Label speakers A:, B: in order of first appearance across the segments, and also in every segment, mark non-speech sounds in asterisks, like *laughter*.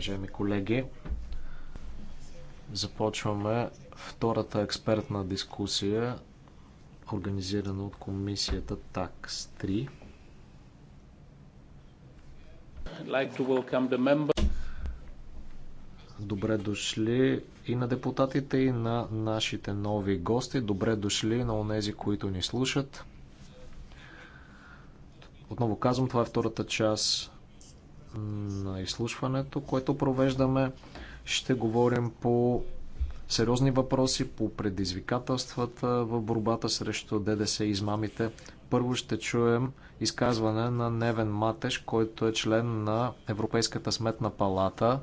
A: Уважаеми колеги, започваме втората експертна дискусия, организирана от комисията TAX 3. Добре дошли и на депутатите, и на нашите нови гости. Добре дошли на онези, които ни слушат отново казвам, това е втората част на изслушването, което провеждаме. Ще говорим по сериозни въпроси, по предизвикателствата в борбата срещу ДДС и измамите. Първо ще чуем изказване на Невен Матеш, който е член на Европейската сметна палата.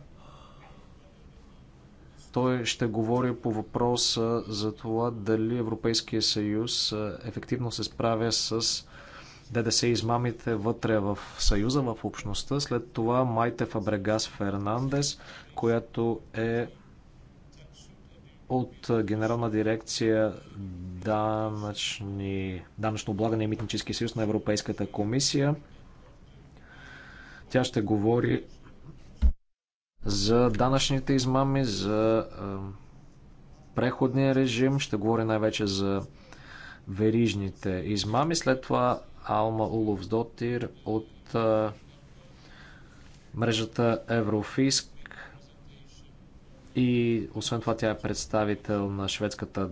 A: Той ще говори по въпроса за това дали Европейския съюз ефективно се справя с ДДС измамите вътре в Съюза, в общността. След това Майте Фабрегас Фернандес, която е от Генерална дирекция данъчни, данъчно облагане и митнически съюз на Европейската комисия. Тя ще говори за данъчните измами, за е, преходния режим, ще говори най-вече за верижните измами. След това Алма Уловсдотир от мрежата Еврофиск и освен това тя е представител на шведската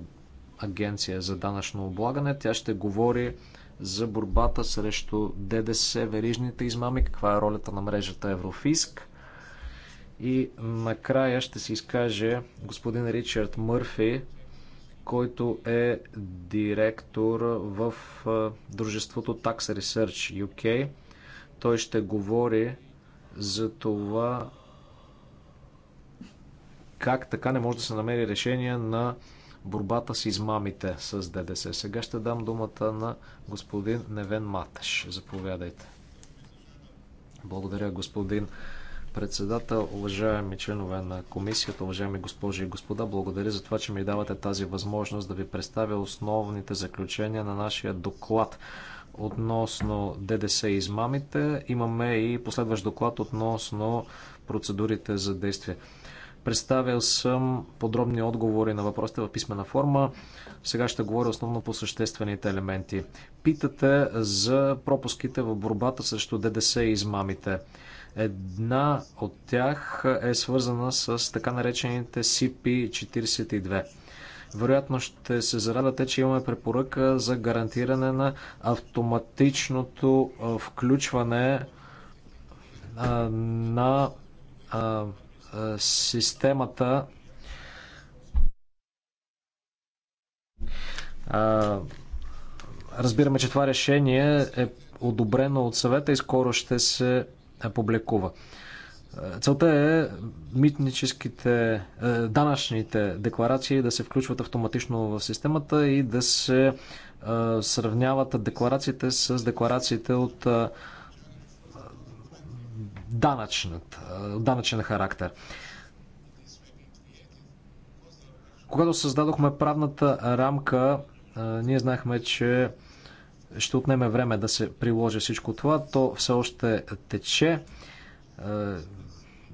A: агенция за данъчно облагане. Тя ще говори за борбата срещу ДДС, верижните измами, каква е ролята на мрежата Еврофиск. И накрая ще се изкаже господин Ричард Мърфи който е директор в дружеството Tax Research UK. Той ще говори за това как така не може да се намери решение на борбата с измамите с ДДС. Сега ще дам думата на господин Невен Матеш. Заповядайте. Благодаря, господин председател, уважаеми членове на комисията, уважаеми госпожи и господа, благодаря за това, че ми давате тази възможност да ви представя основните заключения на нашия доклад относно ДДС и измамите. Имаме и последващ доклад относно процедурите за действие. Представил съм подробни отговори на въпросите в писмена форма. Сега ще говоря основно по съществените елементи. Питате за пропуските в борбата срещу ДДС и измамите. Една от тях е свързана с така наречените CP42. Вероятно ще се зарадате, че имаме препоръка за гарантиране на автоматичното включване на системата Разбираме, че това решение е одобрено от съвета и скоро ще се е, публикува. Е, целта е митническите, е, данъчните декларации да се включват автоматично в системата и да се сравняват декларациите с декларациите от данъчен характер. Когато създадохме правната рамка, ние знаехме, че ще отнеме време да се приложи всичко това. То все още тече. Е,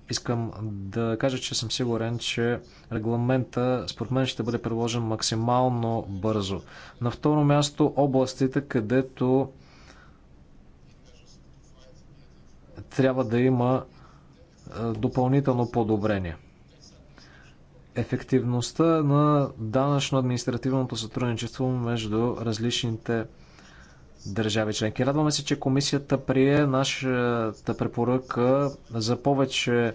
A: искам да кажа, че съм сигурен, че регламента според мен ще бъде приложен максимално бързо. На второ място областите, където трябва да има е, допълнително подобрение. Ефективността на данъчно-административното сътрудничество между различните държави членки. Радваме се, че комисията прие нашата препоръка за повече е,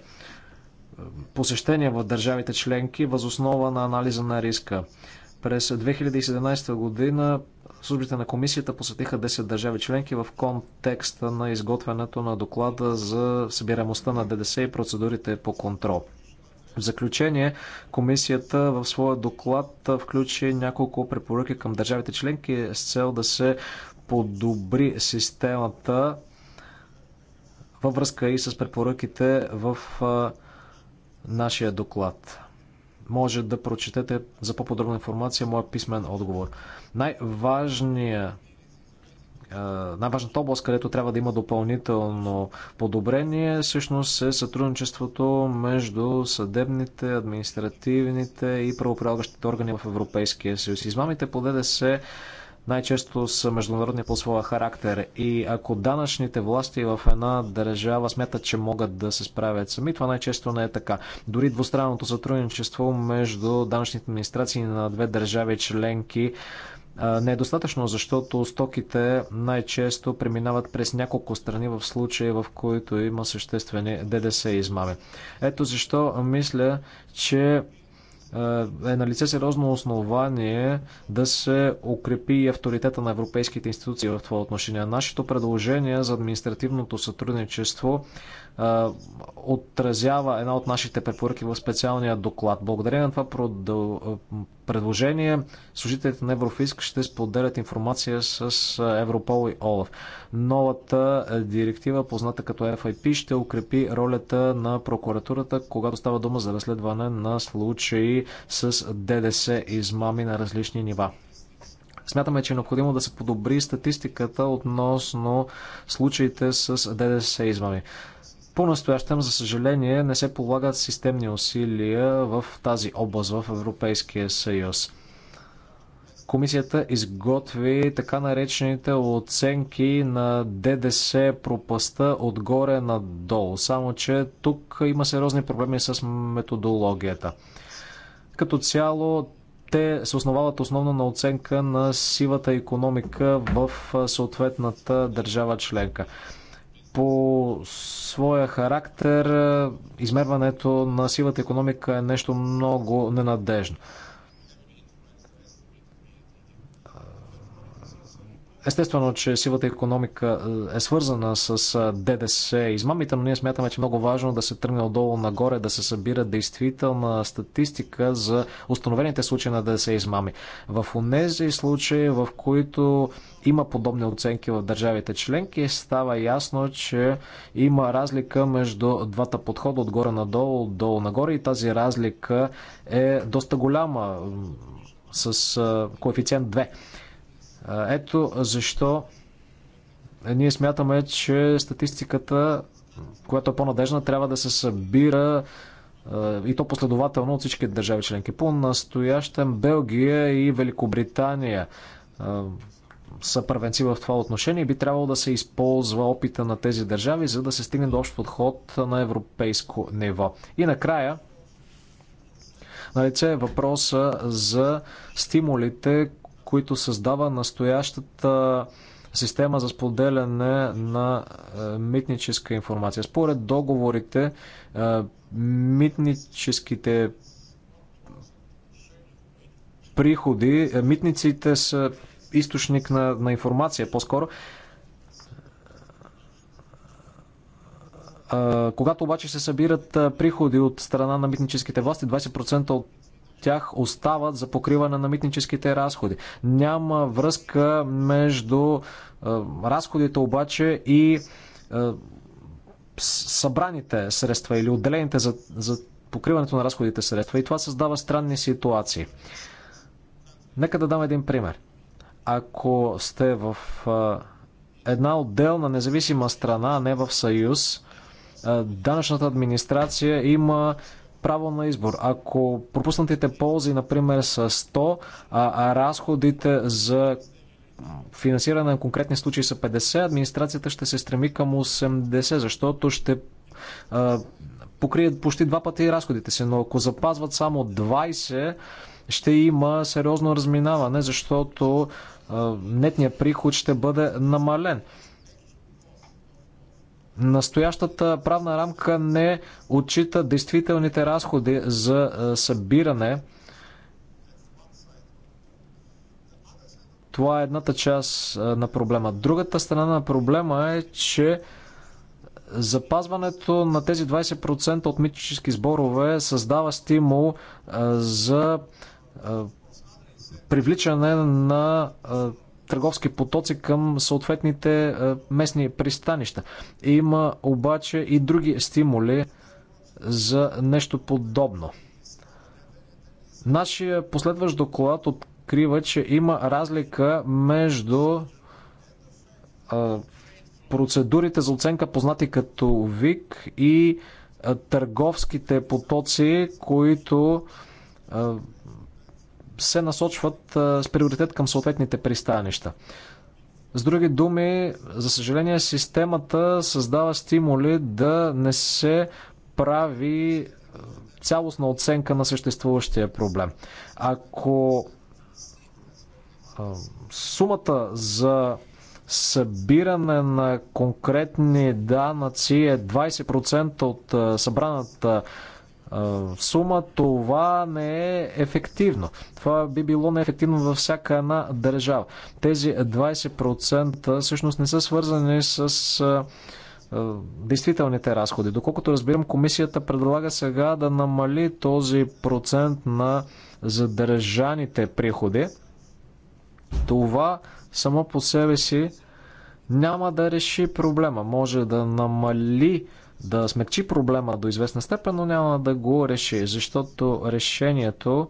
A: посещения в държавите членки възоснова на анализа на риска. През 2017 година службите на комисията посетиха 10 държави членки в контекста на изготвянето на доклада за събираемостта на ДДС и процедурите по контрол. В заключение, комисията в своя доклад включи няколко препоръки към държавите членки с цел да се подобри системата във връзка и с препоръките в нашия доклад. Може да прочетете за по-подробна информация моя писмен отговор. Най-важният най-важната област, където трябва да има допълнително подобрение, всъщност е сътрудничеството между съдебните, административните и правоприлагащите органи в Европейския съюз. Измамите по ДДС най-често са международни по своя характер. И ако данъчните власти в една държава смятат, че могат да се справят сами, това най-често не е така. Дори двустранното сътрудничество между данъчните администрации на две държави членки не е достатъчно, защото стоките най-често преминават през няколко страни в случаи, в които има съществени ДДС измами. Ето защо мисля, че е, е на лице сериозно основание да се укрепи авторитета на европейските институции в това отношение. Нашето предложение за административното сътрудничество отразява една от нашите препоръки в специалния доклад. Благодарение на това предложение, служителите на Еврофиск ще споделят информация с Европол и ОЛАФ. Новата директива, позната като FIP, ще укрепи ролята на прокуратурата, когато става дума за разследване на случаи с ДДС измами на различни нива. Смятаме, че е необходимо да се подобри статистиката относно случаите с ДДС измами. По-настоящем, за съжаление, не се полагат системни усилия в тази област в Европейския съюз. Комисията изготви така наречените оценки на ДДС пропаста отгоре надолу. Само, че тук има сериозни проблеми с методологията. Като цяло, те се основават основно на оценка на сивата економика в съответната държава членка по своя характер измерването на сивата економика е нещо много ненадежно. Естествено, че сивата економика е, е свързана с ДДС измамите, но ние смятаме, че е много важно да се тръгне отдолу нагоре, да се събира действителна статистика за установените случаи на ДДС измами. В тези случаи, в които има подобни оценки в държавите членки, става ясно, че има разлика между двата подхода отгоре надолу, отдолу нагоре и тази разлика е доста голяма с коефициент 2. Ето защо ние смятаме, че статистиката, която е по-надежна, трябва да се събира и то последователно от всички държави членки. По-настоящем Белгия и Великобритания са първенци в това отношение и би трябвало да се използва опита на тези държави, за да се стигне до общ подход на европейско ниво. И накрая, налице е въпроса за стимулите, които създава настоящата система за споделяне на е, митническа информация. Според договорите, е, митническите приходи, е, митниците са източник на, на информация по-скоро. Когато обаче се събират приходи от страна на митническите власти, 20% от тях остават за покриване на митническите разходи. Няма връзка между е, разходите обаче и е, събраните средства или отделените за, за покриването на разходите средства и това създава странни ситуации. Нека да дам един пример. Ако сте в е, една отделна независима страна, а не в Съюз, данъчната администрация има право на избор. Ако пропуснатите ползи, например, са 100, а разходите за финансиране на конкретни случаи са 50, администрацията ще се стреми към 80, защото ще а, покрият почти два пъти разходите си. Но ако запазват само 20, ще има сериозно разминаване, защото нетният приход ще бъде намален. Настоящата правна рамка не отчита действителните разходи за е, събиране. Това е едната част е, на проблема. Другата страна на проблема е, че запазването на тези 20% от митнически сборове създава стимул е, за привличане на търговски потоци към съответните е, местни пристанища. Има обаче и други стимули за нещо подобно. Нашия последващ доклад открива, че има разлика между е, процедурите за оценка, познати като ВИК и е, търговските потоци, които се насочват с приоритет към съответните пристанища. С други думи, за съжаление, системата създава стимули да не се прави цялостна оценка на съществуващия проблем. Ако сумата за събиране на конкретни данъци е 20% от събраната в сума това не е ефективно. Това би било неефективно във всяка една държава. Тези 20% всъщност не са свързани с действителните разходи. Доколкото разбирам, комисията предлага сега да намали този процент на задържаните приходи. Това само по себе си няма да реши проблема. Може да намали да смекчи проблема до известна степен, но няма да го реши, защото решението,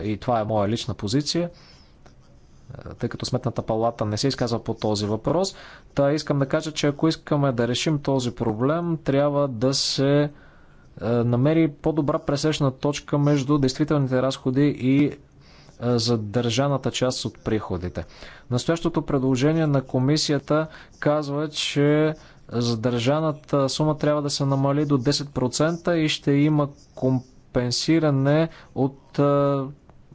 A: е, и това е моя лична позиция, е, тъй като Сметната палата не се изказва по този въпрос, та искам да кажа, че ако искаме да решим този проблем, трябва да се е, намери по-добра пресечна точка между действителните разходи и задържаната част от приходите. Настоящото предложение на комисията казва, че задържаната сума трябва да се намали до 10% и ще има компенсиране от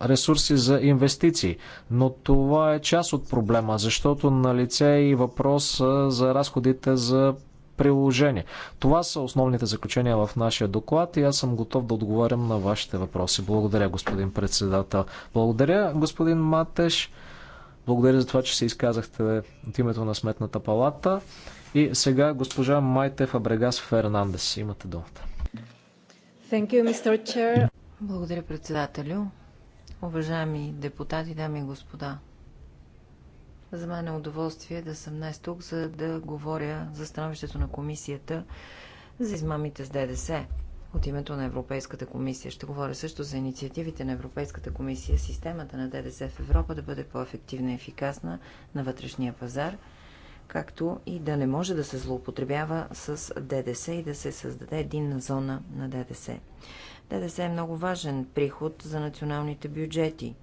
A: ресурси за инвестиции. Но това е част от проблема, защото на лице е и въпрос за разходите за приложение. Това са основните заключения в нашия доклад и аз съм готов да отговарям на вашите въпроси. Благодаря, господин председател. Благодаря, господин Матеш. Благодаря за това, че се изказахте от името на Сметната палата. И сега госпожа Майте Фабрегас Фернандес. Имате думата.
B: Thank you, Mr. Chair. Благодаря, председателю. Уважаеми депутати, дами и господа. За мен е удоволствие да съм днес тук, за да говоря за становището на комисията за измамите с ДДС от името на Европейската комисия. Ще говоря също за инициативите на Европейската комисия системата на ДДС в Европа да бъде по-ефективна и ефикасна на вътрешния пазар – както и да не може да се злоупотребява с ДДС и да се създаде единна зона на ДДС. ДДС е много важен приход за националните бюджети.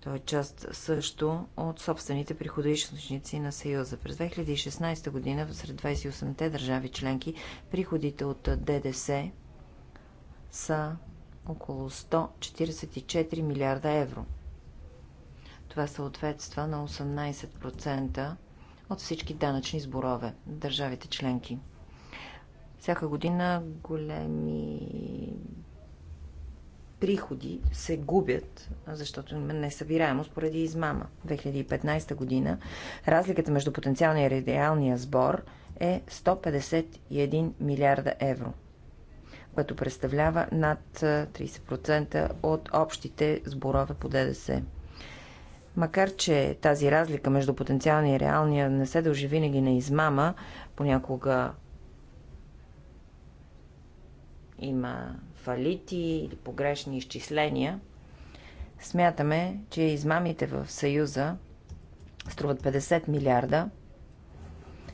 B: Той е част също от собствените приходоисточници на Съюза. През 2016 година сред 28-те държави членки приходите от ДДС са около 144 милиарда евро. Това съответства на 18% от всички данъчни сборове държавите членки. Всяка година големи приходи се губят, защото има несъбираемост поради измама. 2015 година разликата между потенциалния и реалния сбор е 151 милиарда евро, което представлява над 30% от общите сборове по ДДС. Макар, че тази разлика между потенциалния и реалния не се дължи винаги на измама, понякога има фалити или погрешни изчисления, смятаме, че измамите в Съюза струват 50 милиарда,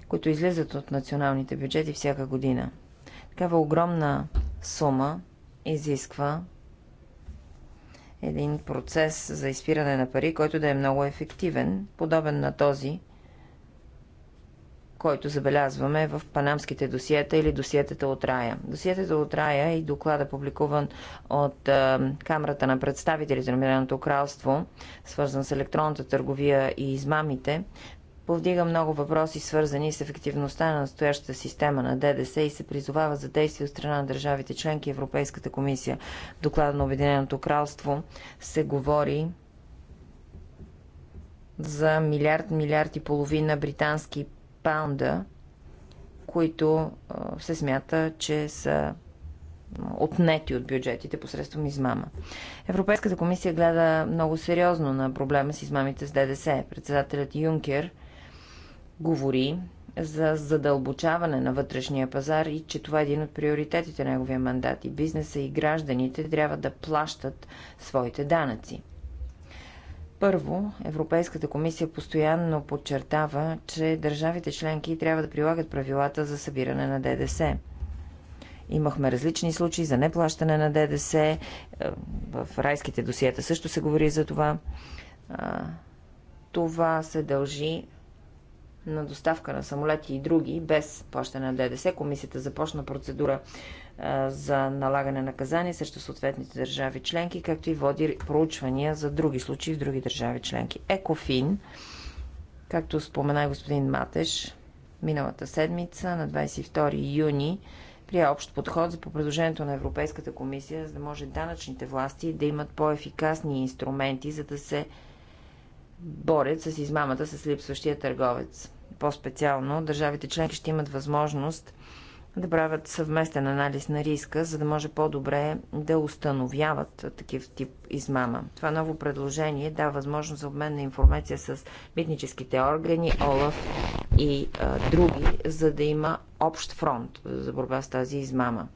B: които излизат от националните бюджети всяка година. Такава огромна сума изисква един процес за изпиране на пари, който да е много ефективен, подобен на този, който забелязваме в панамските досиета или досиетата от рая. Досиетата от рая и доклада, публикуван от Камерата на представителите на Миреното кралство, свързан с електронната търговия и измамите, повдига много въпроси, свързани с ефективността на настоящата система на ДДС и се призовава за действие от страна на държавите членки и Европейската комисия. В доклада на Обединеното кралство се говори за милиард, милиард и половина британски паунда, които се смята, че са отнети от бюджетите посредством измама. Европейската комисия гледа много сериозно на проблема с измамите с ДДС. Председателят Юнкер – говори за задълбочаване на вътрешния пазар и че това е един от приоритетите на неговия мандат и бизнеса и гражданите трябва да плащат своите данъци. Първо, Европейската комисия постоянно подчертава, че държавите членки трябва да прилагат правилата за събиране на ДДС. Имахме различни случаи за неплащане на ДДС. Е, в райските досиета също се говори за това. Това се дължи на доставка на самолети и други без плащане на ДДС, комисията започна процедура за налагане на наказание срещу съответните държави членки, както и води проучвания за други случаи в други държави членки. Екофин, както спомена и господин Матеш, миналата седмица на 22 юни прия общ подход за по предложението на Европейската комисия, за да може данъчните власти да имат по-ефикасни инструменти, за да се борят с измамата с липсващия търговец по-специално държавите членки ще имат възможност да правят съвместен анализ на риска, за да може по-добре да установяват такив тип измама. Това ново предложение дава възможност за обмен на информация с митническите органи, ОЛАФ и а, други, за да има общ фронт за борба с тази измама.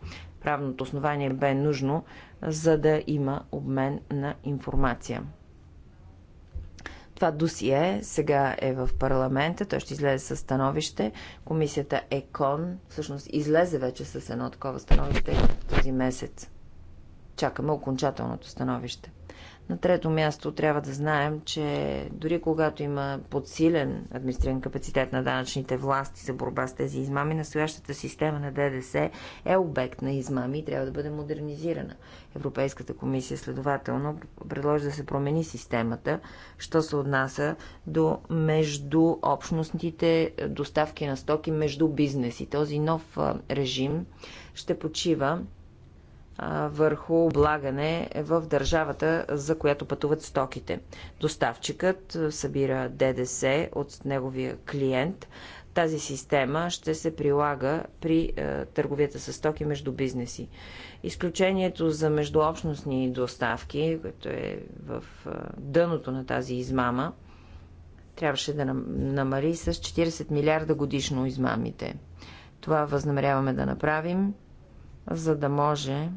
B: Правното основание бе нужно, за да има обмен на информация. Това досие сега е в парламента, той ще излезе със становище. Комисията ЕКОН всъщност излезе вече с едно такова становище този месец. Чакаме окончателното становище. На трето място трябва да знаем, че дори когато има подсилен административен капацитет на данъчните власти за борба с тези измами, настоящата система на ДДС е обект на измами и трябва да бъде модернизирана. Европейската комисия следователно предложи да се промени системата, що се отнася до между общностните доставки на стоки между бизнеси. Този нов режим ще почива върху облагане в държавата, за която пътуват стоките. Доставчикът събира ДДС от неговия клиент. Тази система ще се прилага при търговията с стоки между бизнеси. Изключението за междуобщностни доставки, което е в дъното на тази измама, трябваше да намали с 40 милиарда годишно измамите. Това възнамеряваме да направим, за да може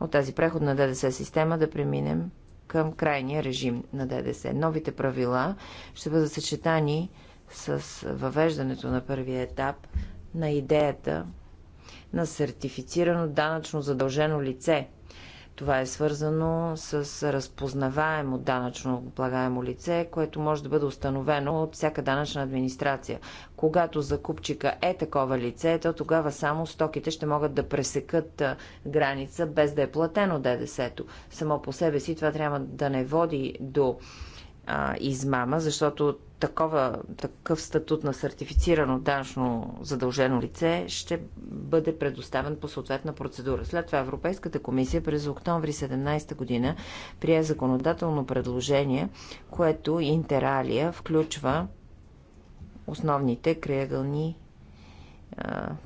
B: от тази преходна ДДС система да преминем към крайния режим на ДДС. Новите правила ще бъдат съчетани с въвеждането на първия етап на идеята на сертифицирано данъчно задължено лице, това е свързано с разпознаваемо данъчно облагаемо лице, което може да бъде установено от всяка данъчна администрация. Когато закупчика е такова лице, то тогава само стоките ще могат да пресекат граница без да е платено ДДС-то. Само по себе си това трябва да не води до а, измама, защото такова, такъв статут на сертифицирано данъчно задължено лице ще бъде предоставен по съответна процедура. След това Европейската комисия през октомври 17 година прие законодателно предложение, което Интералия включва основните криъгълни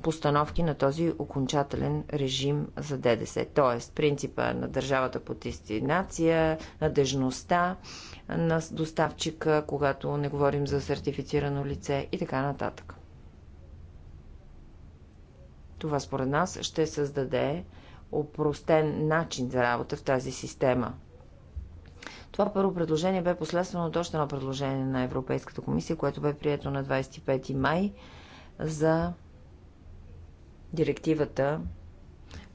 B: постановки на този окончателен режим за ДДС. Тоест, принципа на държавата по дестинация, надежността на доставчика, когато не говорим за сертифицирано лице и така нататък. Това според нас ще създаде опростен начин за работа в тази система. Това първо предложение бе последствено от още едно предложение на Европейската комисия, което бе прието на 25 май за директивата,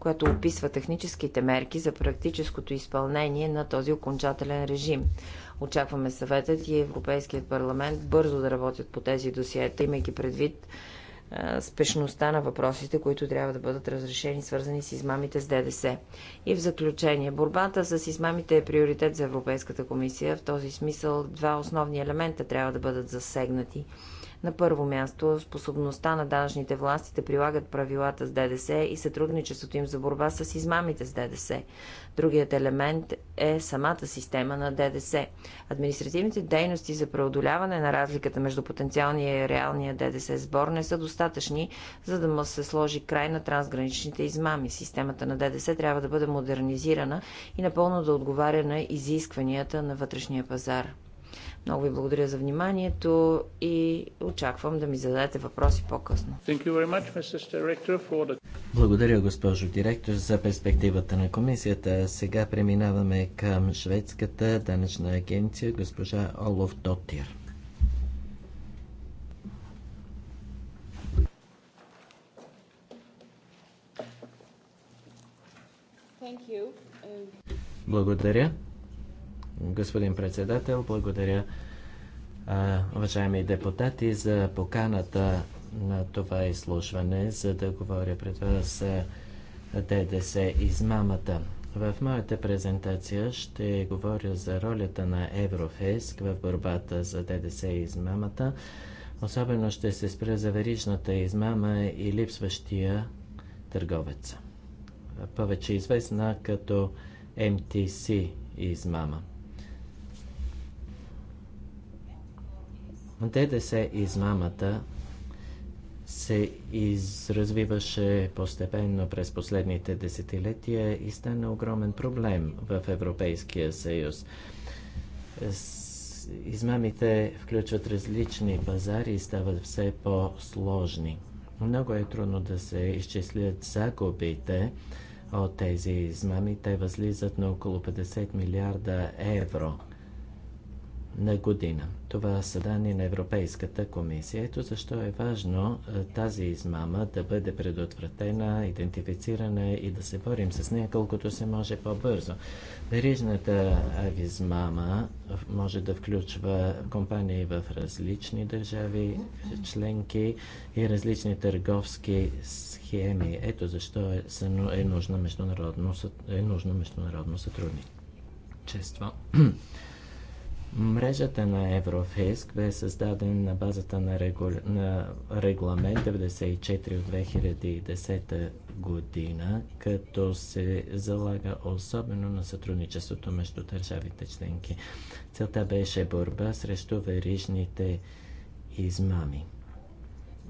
B: която описва техническите мерки за практическото изпълнение на този окончателен режим. Очакваме съветът и Европейският парламент бързо да работят по тези досиета, имайки предвид е, спешността на въпросите, които трябва да бъдат разрешени, свързани с измамите с ДДС. И в заключение, борбата с измамите е приоритет за Европейската комисия. В този смисъл два основни елемента трябва да бъдат засегнати – на първо място, способността на данъчните власти да прилагат правилата с ДДС и сътрудничеството им за борба с измамите с ДДС. Другият елемент е самата система на ДДС. Административните дейности за преодоляване на разликата между потенциалния и реалния ДДС сбор не са достатъчни, за да му се сложи край на трансграничните измами. Системата на ДДС трябва да бъде модернизирана и напълно да отговаря на изискванията на вътрешния пазар. Много ви благодаря за вниманието и очаквам да ми зададете въпроси по-късно.
C: Благодаря, госпожо директор, за перспективата на комисията. Сега преминаваме към шведската данъчна агенция, госпожа Олов Дотир. Благодаря. Господин председател, благодаря уважаеми депутати за поканата на това изслушване, за да говоря пред вас ДДС измамата. В моята презентация ще говоря за ролята на Еврофеск в борбата за ДДС измамата. Особено ще се спра за верижната измама и липсващия търговец. Повече известна като МТС измама. ДДС измамата се изразвиваше постепенно през последните десетилетия и стана огромен проблем в Европейския съюз. Измамите включват различни пазари и стават все по-сложни. Много е трудно да се изчислят загубите от тези измами. Те възлизат на около 50 милиарда евро – на година. Това са данни на Европейската комисия. Ето защо е важно тази измама да бъде предотвратена, идентифицирана и да се борим с нея колкото се може по-бързо. Берижната авизмама може да включва компании в различни държави, членки и различни търговски схеми. Ето защо е, е, нужно, международно, е нужно международно сътрудничество. *clears throat* Мрежата на Еврофейск бе създадена на базата на, регу... на регламент 94 от 2010 година, като се залага особено на сътрудничеството между държавите членки. Целта беше борба срещу верижните измами.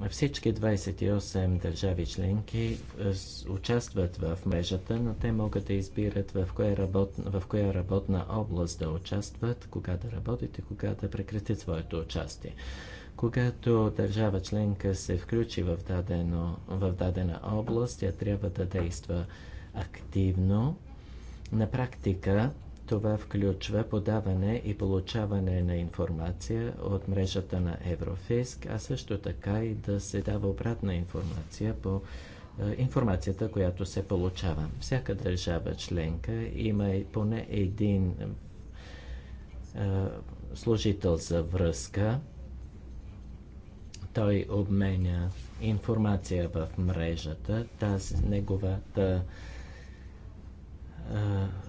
C: Всички 28 държави членки е, участват в мрежата, но те могат да избират в коя, работ... в коя работна област да участват, кога да работят и кога да прекратят своето участие. Когато държава членка се включи в, дадено, в дадена област, тя трябва да действа активно. На практика това включва подаване и получаване на информация от мрежата на Еврофиск, а също така и да се дава обратна информация по е, информацията, която се получава. Всяка държава членка има поне един е, служител за връзка. Той обменя информация в мрежата. Тази неговата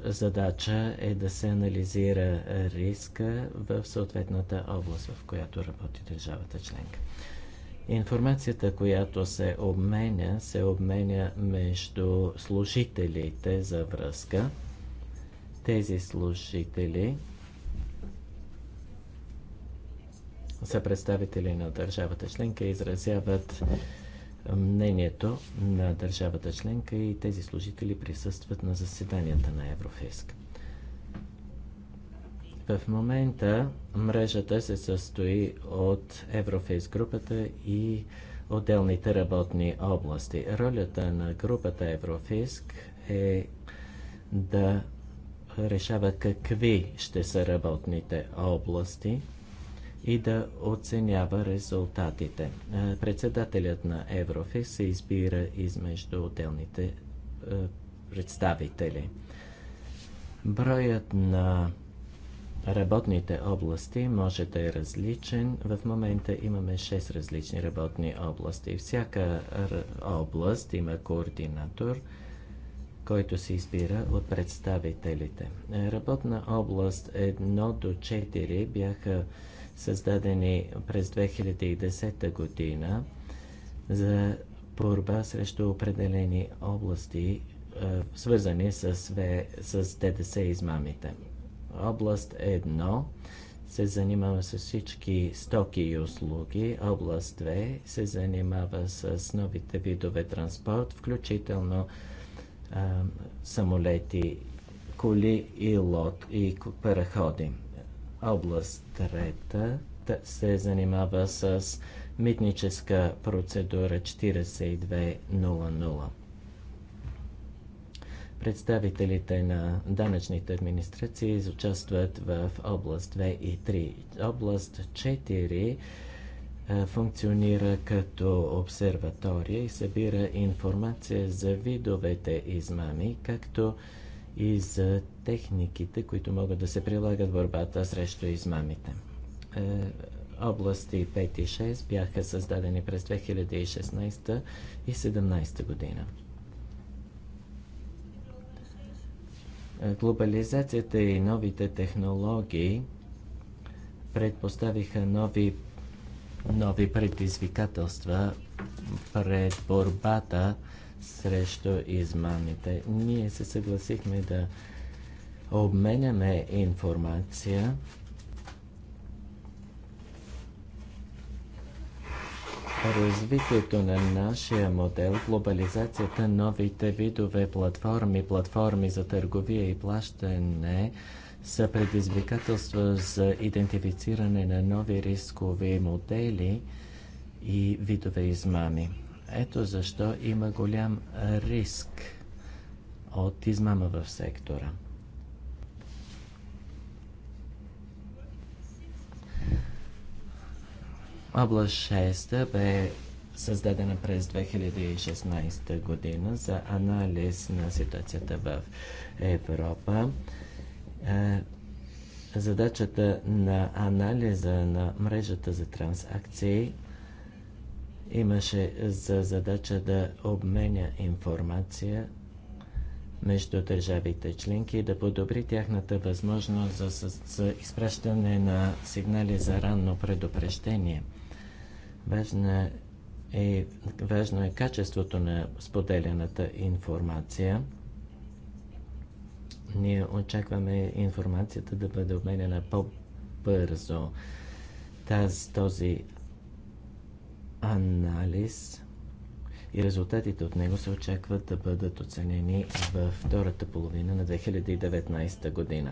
C: задача е да се анализира риска в съответната област, в която работи държавата членка. Информацията, която се обменя, се обменя между служителите за връзка. Тези служители са представители на държавата членка и изразяват мнението на държавата членка и тези служители присъстват на заседанията на Еврофиск. В момента мрежата се състои от Еврофиск групата и отделните работни области. Ролята на групата Еврофиск е да решава какви ще са работните области – и да оценява резултатите. Е, председателят на Еврофис се избира измежду отделните е, представители. Броят на работните области може да е различен. В момента имаме 6 различни работни области. Всяка област има координатор, който се избира от представителите. Е, работна област 1 до 4 бяха създадени през 2010 година за борба срещу определени области, е, свързани с, с ДДС измамите. Област 1 се занимава с всички стоки и услуги. Област 2 се занимава с новите видове транспорт, включително е, самолети, коли и лод и параходи област. Трета се занимава с митническа процедура 4200. Представителите на данъчните администрации участват в област 2 и 3. Област 4 е, функционира като обсерватория и събира информация за видовете измами, както и за техниките, които могат да се прилагат в борбата срещу измамите. Е, области 5 и 6 бяха създадени през 2016 и 2017 година. Е, глобализацията и новите технологии предпоставиха нови, нови предизвикателства пред борбата срещу измамите. Ние се съгласихме да обменяме информация развитието на нашия модел, глобализацията, новите видове платформи, платформи за търговия и плащане са предизвикателства за идентифициране на нови рискови модели и видове измами. Ето защо има голям риск от измама в сектора. Област 6 бе създадена през 2016 година за анализ на ситуацията в Европа. Е, задачата на анализа на мрежата за трансакции имаше за задача да обменя информация между държавите членки и да подобри тяхната възможност за, за, за изпращане на сигнали за ранно предупреждение. Важно е, важно е качеството на споделената информация. Ние очакваме информацията да бъде обменена по-бързо. Таз, този анализ и резултатите от него се очакват да бъдат оценени във втората половина на 2019 година.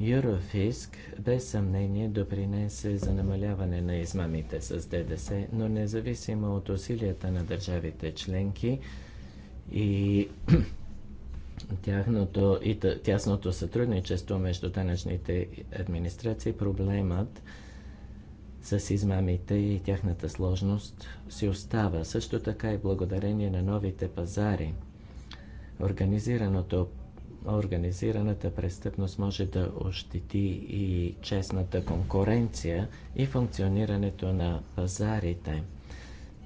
C: Юрофиск без съмнение допринесе за намаляване на измамите с ДДС, но независимо от усилията на държавите членки и *clears throat* тяхното и тясното сътрудничество между данъчните администрации, проблемът с измамите и тяхната сложност си остава. Също така и благодарение на новите пазари. Организираното организираната престъпност може да ощети и честната конкуренция и функционирането на пазарите.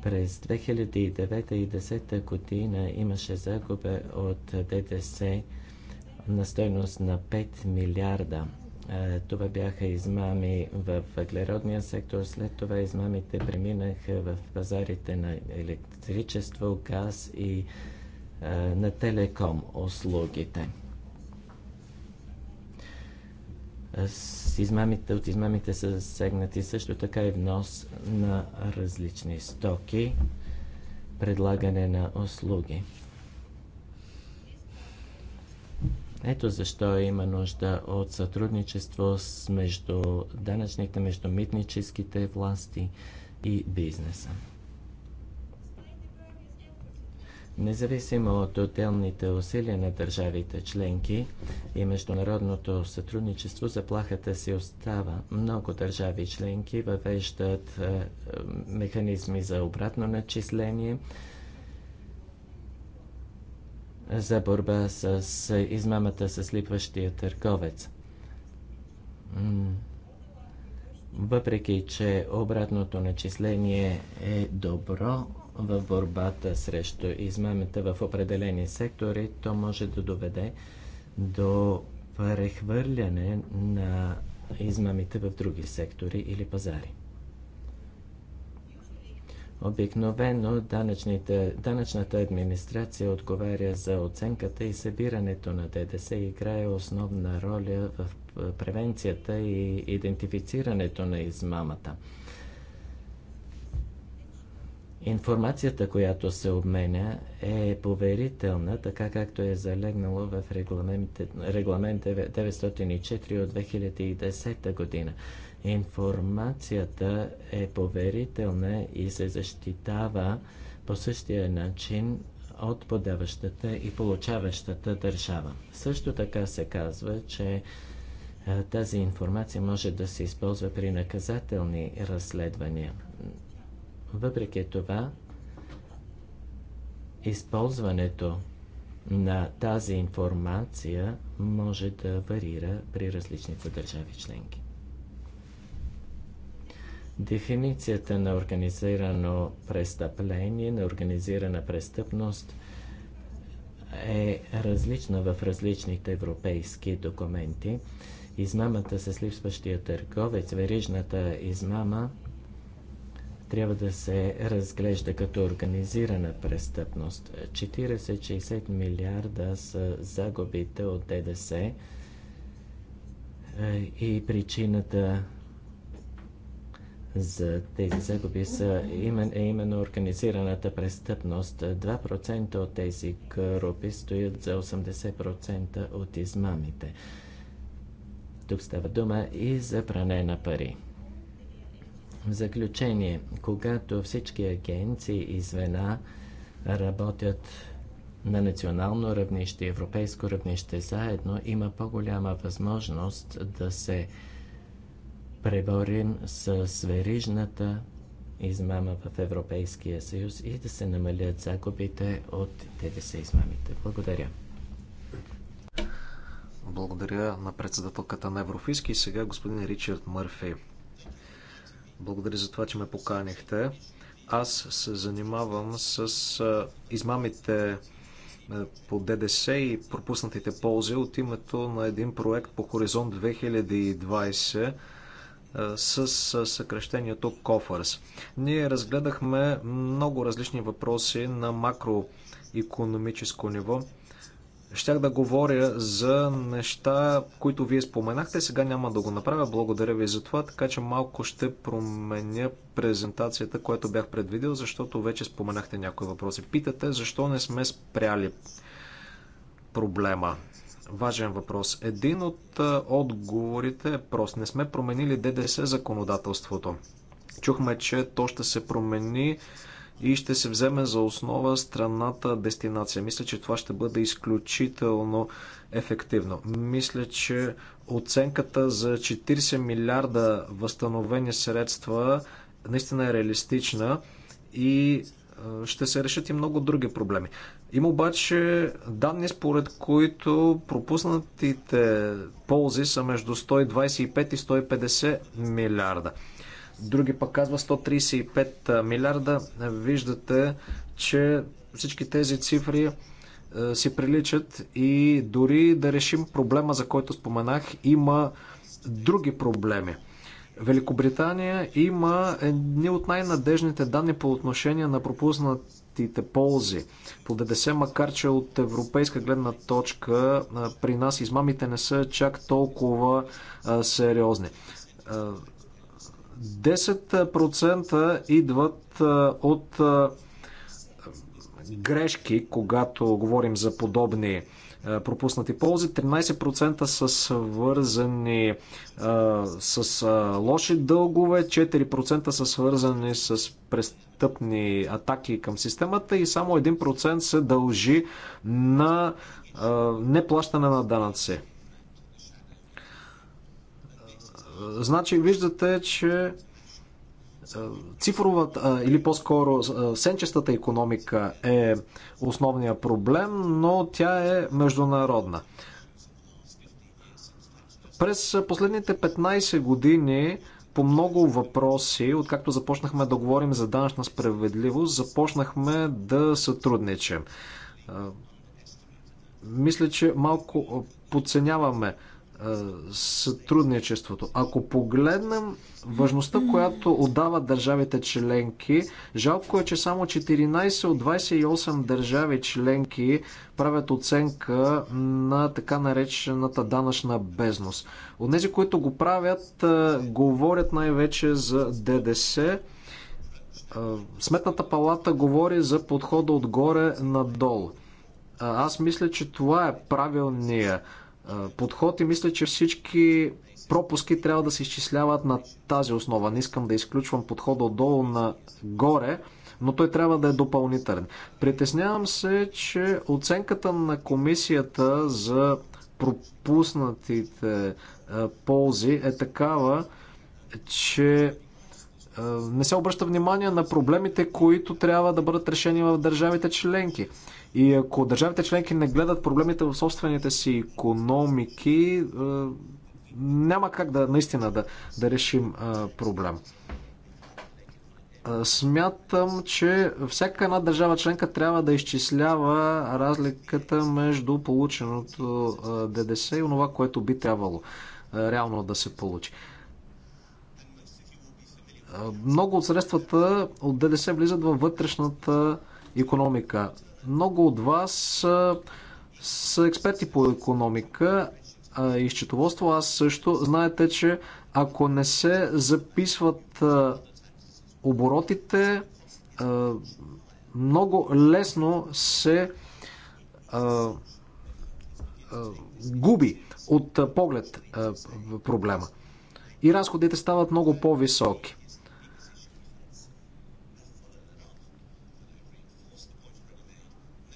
C: През 2009 и 2010 година имаше загубе от ДДС на стойност на 5 милиарда. Е, това бяха измами в въглеродния сектор, след това измамите преминаха в пазарите на електричество, газ и е, на телеком услугите. С измамите, от измамите са засегнати също така и внос на различни стоки, предлагане на услуги. Ето защо има нужда от сътрудничество между данъчните, между митническите власти и бизнеса. Независимо от отделните усилия на държавите членки и международното сътрудничество, заплахата си остава. Много държави членки въвеждат е, е, механизми за обратно начисление – за борба с, измамата с липващия търговец. Въпреки, че обратното начисление е добро в борбата срещу измамата в определени сектори, то може да доведе до прехвърляне на измамите в други сектори или пазари. Обикновено данъчната администрация отговаря за оценката и събирането на ДДС и играе основна роля в превенцията и идентифицирането на измамата. Информацията, която се обменя, е поверителна, така както е залегнало в регламент, 904 от 2010 година. Информацията е поверителна и се защитава по същия начин от подаващата и получаващата държава. Също така се казва, че тази информация може да се използва при наказателни разследвания. Въпреки това, използването на тази информация може да варира при различните държави членки. Дефиницията на организирано престъпление, на организирана престъпност е различна в различните европейски документи. Измамата с липсващия търговец, верижната измама трябва да се разглежда като организирана престъпност. 40-60 милиарда са загубите от ДДС е, и причината за тези загуби са, имен, е именно организираната престъпност. 2% от тези групи стоят за 80% от измамите. Тук става дума и за пране на пари. В заключение, когато всички агенции и звена работят на национално равнище, европейско равнище заедно, има по-голяма възможност да се преборим с верижната измама в Европейския съюз и да се намалят загубите от ДДС измамите. Благодаря.
A: Благодаря на председателката на Еврофиски и сега господин Ричард Мърфи. Благодаря за това, че ме поканихте. Аз се занимавам с измамите по ДДС и пропуснатите ползи от името на един проект по Хоризонт 2020 с съкрещението COFARS. Ние разгледахме много различни въпроси на макроекономическо ниво. Щях да говоря за неща, които вие споменахте, сега няма да го направя. Благодаря ви за това, така че малко ще променя презентацията, която бях предвидил, защото вече споменахте някои въпроси. Питате защо не сме спряли проблема важен въпрос. Един от отговорите е прост. Не сме променили ДДС законодателството. Чухме, че то ще се промени и ще се вземе за основа страната дестинация. Мисля, че това ще бъде изключително ефективно. Мисля, че оценката за 40 милиарда възстановени средства наистина е реалистична и е, ще се решат и много други проблеми. Има обаче данни, според които пропуснатите ползи са между 125 и 150 милиарда. Други пък казва 135 милиарда. Виждате, че всички тези цифри е, си приличат и дори да решим проблема, за който споменах, има други проблеми Великобритания има едни от най-надежните данни по отношение на пропуснатите ползи по ДДС, макар че от европейска гледна точка при нас измамите не са чак толкова сериозни. 10% идват от грешки, когато говорим за подобни е, пропуснати ползи, 13% са свързани е, с е, лоши дългове, 4% са свързани с престъпни атаки към системата и само 1% се дължи на неплащане на данъци. Значи виждате, че е, цифровата е, или по-скоро е, сенчестата економика е основният проблем, но тя е международна. През последните 15 години по много въпроси, откакто започнахме да говорим за данъчна справедливост, започнахме да сътрудничим. Мисля, че малко подценяваме е, сътрудничеството. Ако погледнем важността, която отдават държавите членки, жалко е, че само 14 от 28 държави членки правят оценка на така наречената данъчна безност. тези, които го правят, е, говорят най-вече за ДДС. Е, Сметната палата говори за подхода отгоре надолу. Аз мисля, че това е правилният подход и мисля, че всички пропуски трябва да се изчисляват на тази основа. Не искам да изключвам подхода отдолу нагоре, но той трябва да е допълнителен. Притеснявам се, че оценката на комисията за пропуснатите ползи е такава, че е, не се обръща внимание на проблемите, които трябва да бъдат решени в държавите членки. И ако държавите членки не гледат проблемите в собствените си економики, е, няма как да наистина да, да решим е, проблем. Смятам, че всяка една държава членка трябва да изчислява разликата между полученото ДДС и това, което би трябвало реално да се получи. Много от средствата от ДДС влизат във вътрешната економика. Много от вас са експерти по економика и счетоводство. Аз също. Знаете, че ако не се записват оборотите, много лесно се губи от поглед проблема. И разходите стават много по-високи.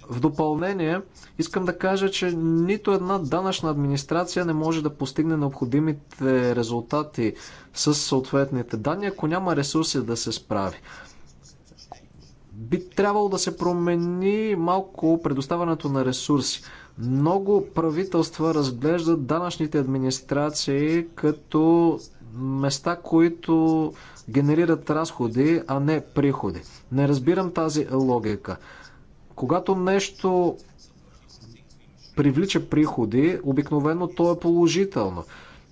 A: В допълнение, искам да кажа, че нито една данъчна администрация не може да постигне необходимите резултати с съответните данни, ако няма ресурси да се справи. Би трябвало да се промени малко предоставането на ресурси. Много правителства разглеждат данъчните администрации като места, които генерират разходи, а не приходи. Не разбирам тази логика. Когато нещо привлича приходи, обикновено то е положително.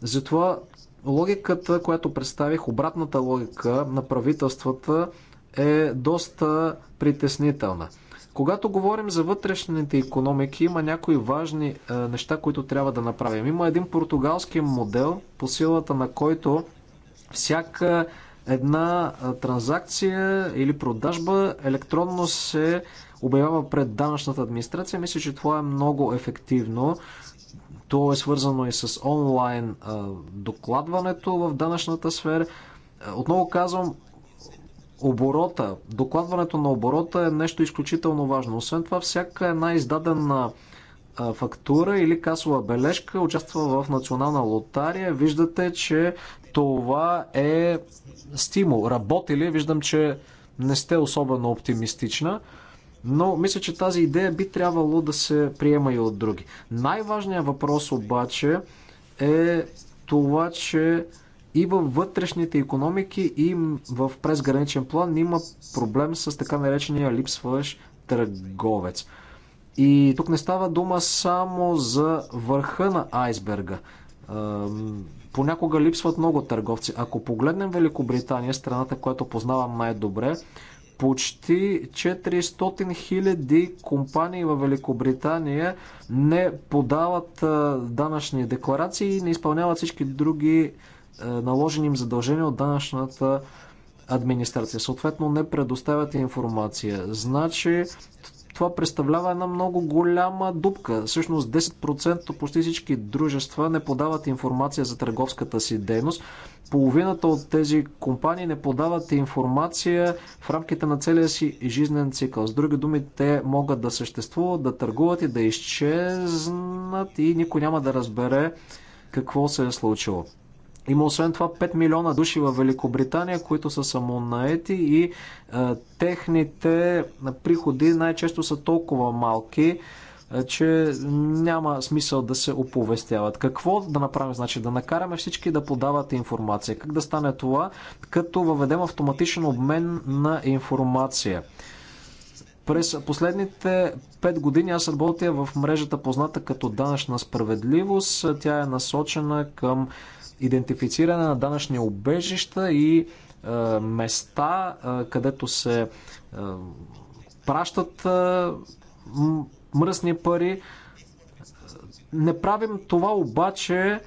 A: Затова логиката, която представих, обратната логика на правителствата е доста притеснителна. Когато говорим за вътрешните економики, има някои важни е, неща, които трябва да направим. Има един португалски модел, по силата на който всяка една е, транзакция или продажба електронно се обявява пред данъчната администрация. Мисля, че това е много ефективно. То е свързано и с онлайн докладването в данъчната сфера. Отново казвам, оборота, докладването на оборота е нещо изключително важно. Освен това, всяка една издадена фактура или касова бележка участва в национална лотария. Виждате, че това е стимул. Работи ли? Виждам, че не сте особено оптимистична но мисля, че тази идея би трябвало да се приема и от други. Най-важният въпрос обаче е това, че и във вътрешните економики, и в презграничен план има проблем с така наречения липсващ търговец. И тук не става дума само за върха на айсберга. Понякога липсват много търговци. Ако погледнем Великобритания, страната, която познавам най-добре, почти 400 хиляди компании в Великобритания не подават данъчни декларации и не изпълняват всички други е, наложени им задължения от данъчната администрация. Съответно не предоставят информация. Значи това представлява една много голяма дупка. Всъщност 10% от почти всички дружества не подават информация за търговската си дейност. Половината от тези компании не подават информация в рамките на целия си жизнен цикъл. С други думи, те могат да съществуват, да търгуват и да изчезнат и никой няма да разбере какво се е случило. Има освен това 5 милиона души в Великобритания, които са самонаети и а, е, техните е, приходи най-често са толкова малки, а, е, че няма смисъл да се оповестяват. Какво да направим? Значи да накараме всички да подават информация. Как да стане това? Като въведем автоматичен обмен на информация. През последните 5 години аз работя в мрежата позната като данъчна справедливост. Тя е насочена към идентифициране на данъчни обежища и е, места, е, където се е, пращат е, мръсни пари. Не правим това обаче е,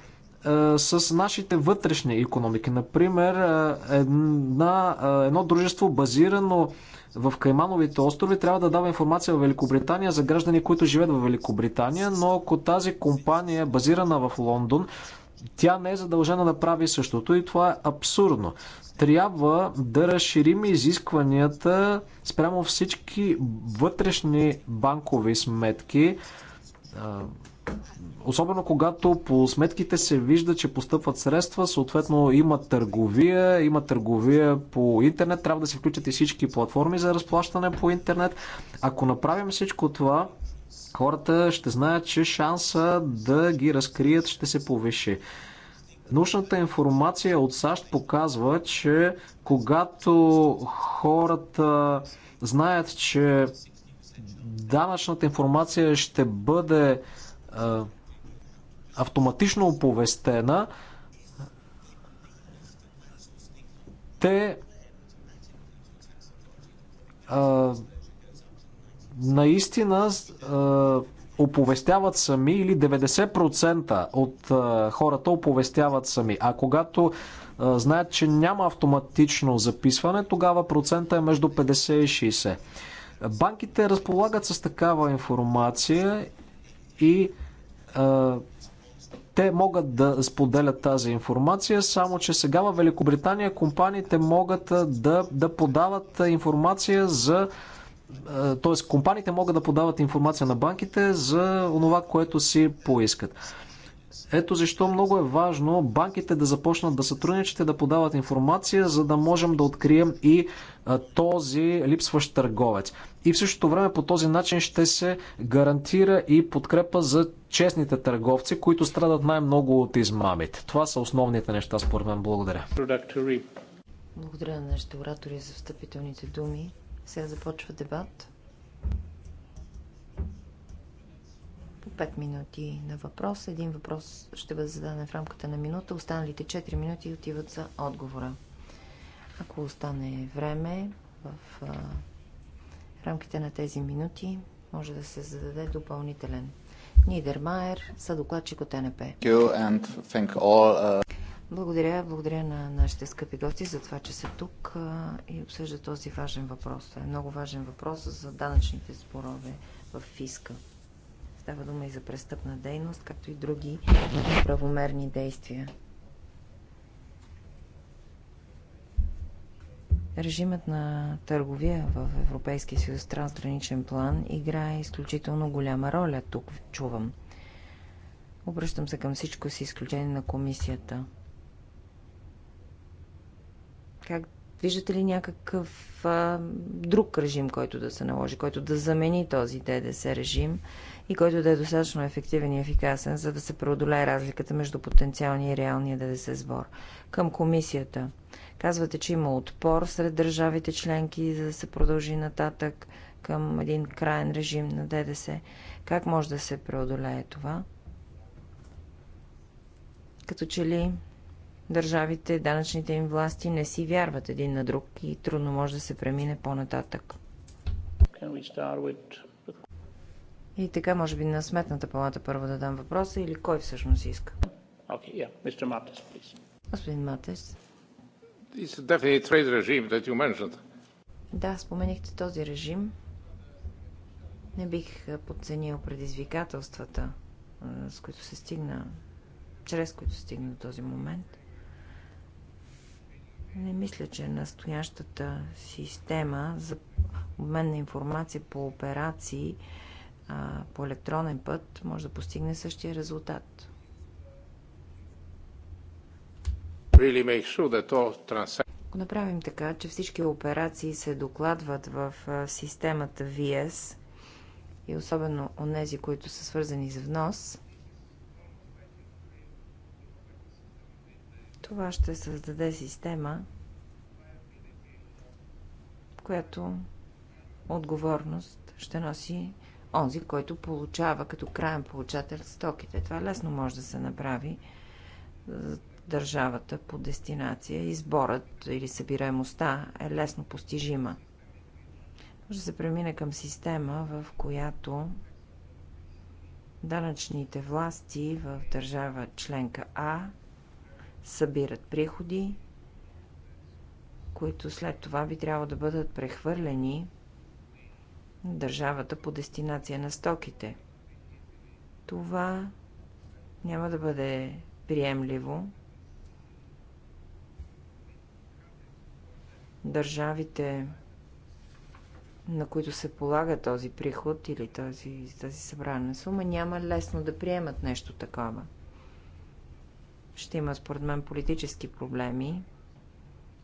A: с нашите вътрешни економики. Например, е, една, е, едно дружество базирано в Каймановите острови трябва да дава информация в Великобритания за граждани, които живеят в Великобритания, но ако тази компания е базирана в Лондон, тя не е задължена да прави същото и това е абсурдно. Трябва да разширим изискванията спрямо всички вътрешни банкови сметки, особено когато по сметките се вижда, че постъпват средства, съответно има търговия, има търговия по интернет, трябва да се включат и всички платформи за разплащане по интернет. Ако направим всичко това, хората ще знаят, че шанса да ги разкрият ще се повиши. Научната информация от САЩ показва, че когато хората знаят, че данъчната информация ще бъде автоматично оповестена, те наистина оповестяват сами или 90% от хората оповестяват сами. А когато знаят, че няма автоматично записване, тогава процента е между 50 и 60. Банките разполагат с такава информация и а, те могат да споделят тази информация, само че сега във Великобритания компаниите могат да, да подават информация за т.е. компаниите могат да подават информация на банките за онова, което си поискат. Ето защо много е важно банките да започнат да сътрудничат и да подават информация, за да можем да открием и е, този липсващ търговец. И в същото време по този начин ще се гарантира и подкрепа за честните търговци, които страдат най-много от измамите. Това са основните неща, според мен. Благодаря.
B: Благодаря на нашите оратори за встъпителните думи. Сега започва дебат. По 5 минути на въпрос. Един въпрос ще бъде зададен в рамката на минута. Останалите 4 минути отиват за отговора. Ако остане време в а, рамките на тези минути, може да се зададе допълнителен. Нидермайер, съдокладчик от НП. Благодаря, благодаря на нашите скъпи гости за това, че са тук и обсъжда този важен въпрос. Това е много важен въпрос за данъчните спорове в фиска. Става дума и за престъпна дейност, както и други правомерни действия. Режимът на търговия в Европейския съюз трансграничен план играе изключително голяма роля, тук чувам. Обръщам се към всичко с изключение на комисията – как виждате ли някакъв а, друг режим, който да се наложи, който да замени този ДДС режим и който да е достатъчно ефективен и ефикасен, за да се преодолее разликата между потенциалния и реалния ДДС сбор? Към комисията. Казвате, че има отпор сред държавите членки, за да се продължи нататък към един крайен режим на ДДС. Как може да се преодолее това? Като че ли държавите, данъчните им власти не си вярват един на друг и трудно може да се премине по-нататък. И така, може би на сметната палата първо да дам въпроса или кой всъщност иска? Господин Матес. Да, споменихте този режим. Не бих подценил предизвикателствата, с които се стигна, чрез които стигна до този момент. Не мисля, че настоящата система за обмен на информация по операции а, по електронен път може да постигне същия резултат. Ако направим така, че всички операции се докладват в системата VS и особено онези, които са свързани с внос, Това ще създаде система, която отговорност ще носи онзи, който получава като крайен получател стоките. Това лесно може да се направи държавата по дестинация. и сборът или събираемостта е лесно постижима. Може да се премине към система, в която данъчните власти в държава членка А събират приходи, които след това би трябвало да бъдат прехвърлени на държавата по дестинация на стоките. Това няма да бъде приемливо. Държавите, на които се полага този приход или тази, тази събрана сума, няма лесно да приемат нещо такова – ще има, според мен, политически проблеми,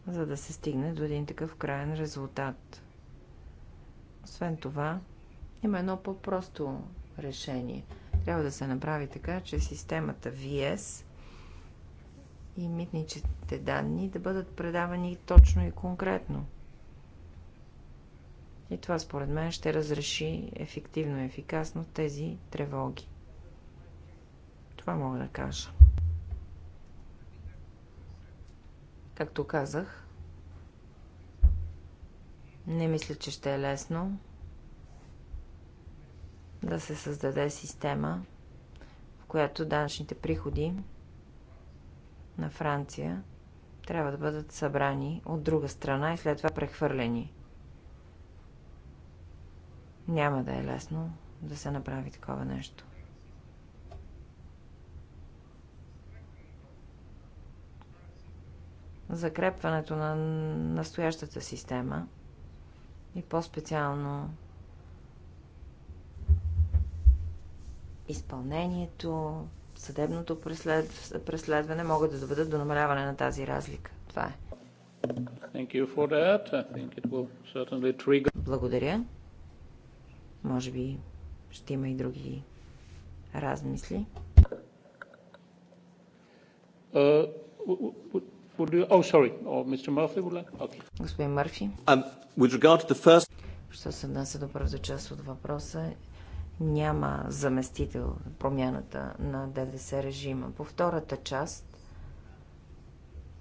B: за да се стигне до един такъв крайен резултат. Освен това, има едно по-просто решение. Трябва да се направи така, че системата VS и митничите данни да бъдат предавани точно и конкретно. И това според мен ще разреши ефективно и ефикасно тези тревоги. Това мога да кажа. Както казах, не мисля, че ще е лесно да се създаде система, в която данъчните приходи на Франция трябва да бъдат събрани от друга страна и след това прехвърлени. Няма да е лесно да се направи такова нещо. закрепването на настоящата система и по-специално изпълнението, съдебното преслед... преследване могат да доведат до намаляване на тази разлика. Това е. Благодаря. Може би ще има и други размисли.
C: Uh,
A: Would you, oh, sorry. Mr. Murphy would like? Okay.
B: Господин Мърфи. Um, with regard to the first... Що се отнася до първата част от въпроса, няма заместител промяната на ДДС режима. По втората част,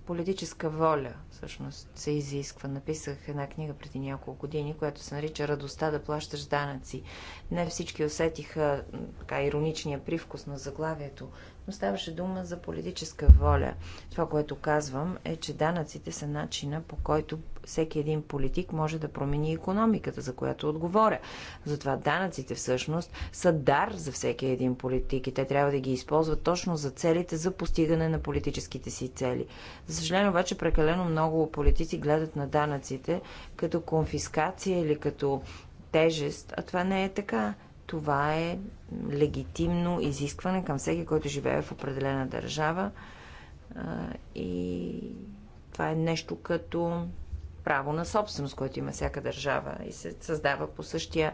B: политическа воля всъщност се изисква. Написах една книга преди няколко години, която се нарича Радостта да плащаш данъци. Не всички усетиха така ироничния привкус на заглавието, но ставаше дума за политическа воля. Това, което казвам, е, че данъците са начина по който всеки един политик може да промени економиката, за която отговоря. Затова данъците всъщност са дар за всеки един политик и те трябва да ги използват точно за целите за постигане на политическите си цели. За съжаление обаче прекалено много политици гледат на данъците като конфискация или като тежест, а това не е така. Това е легитимно изискване към всеки, който живее в определена държава. И това е нещо като право на собственост, което има всяка държава и се създава по същия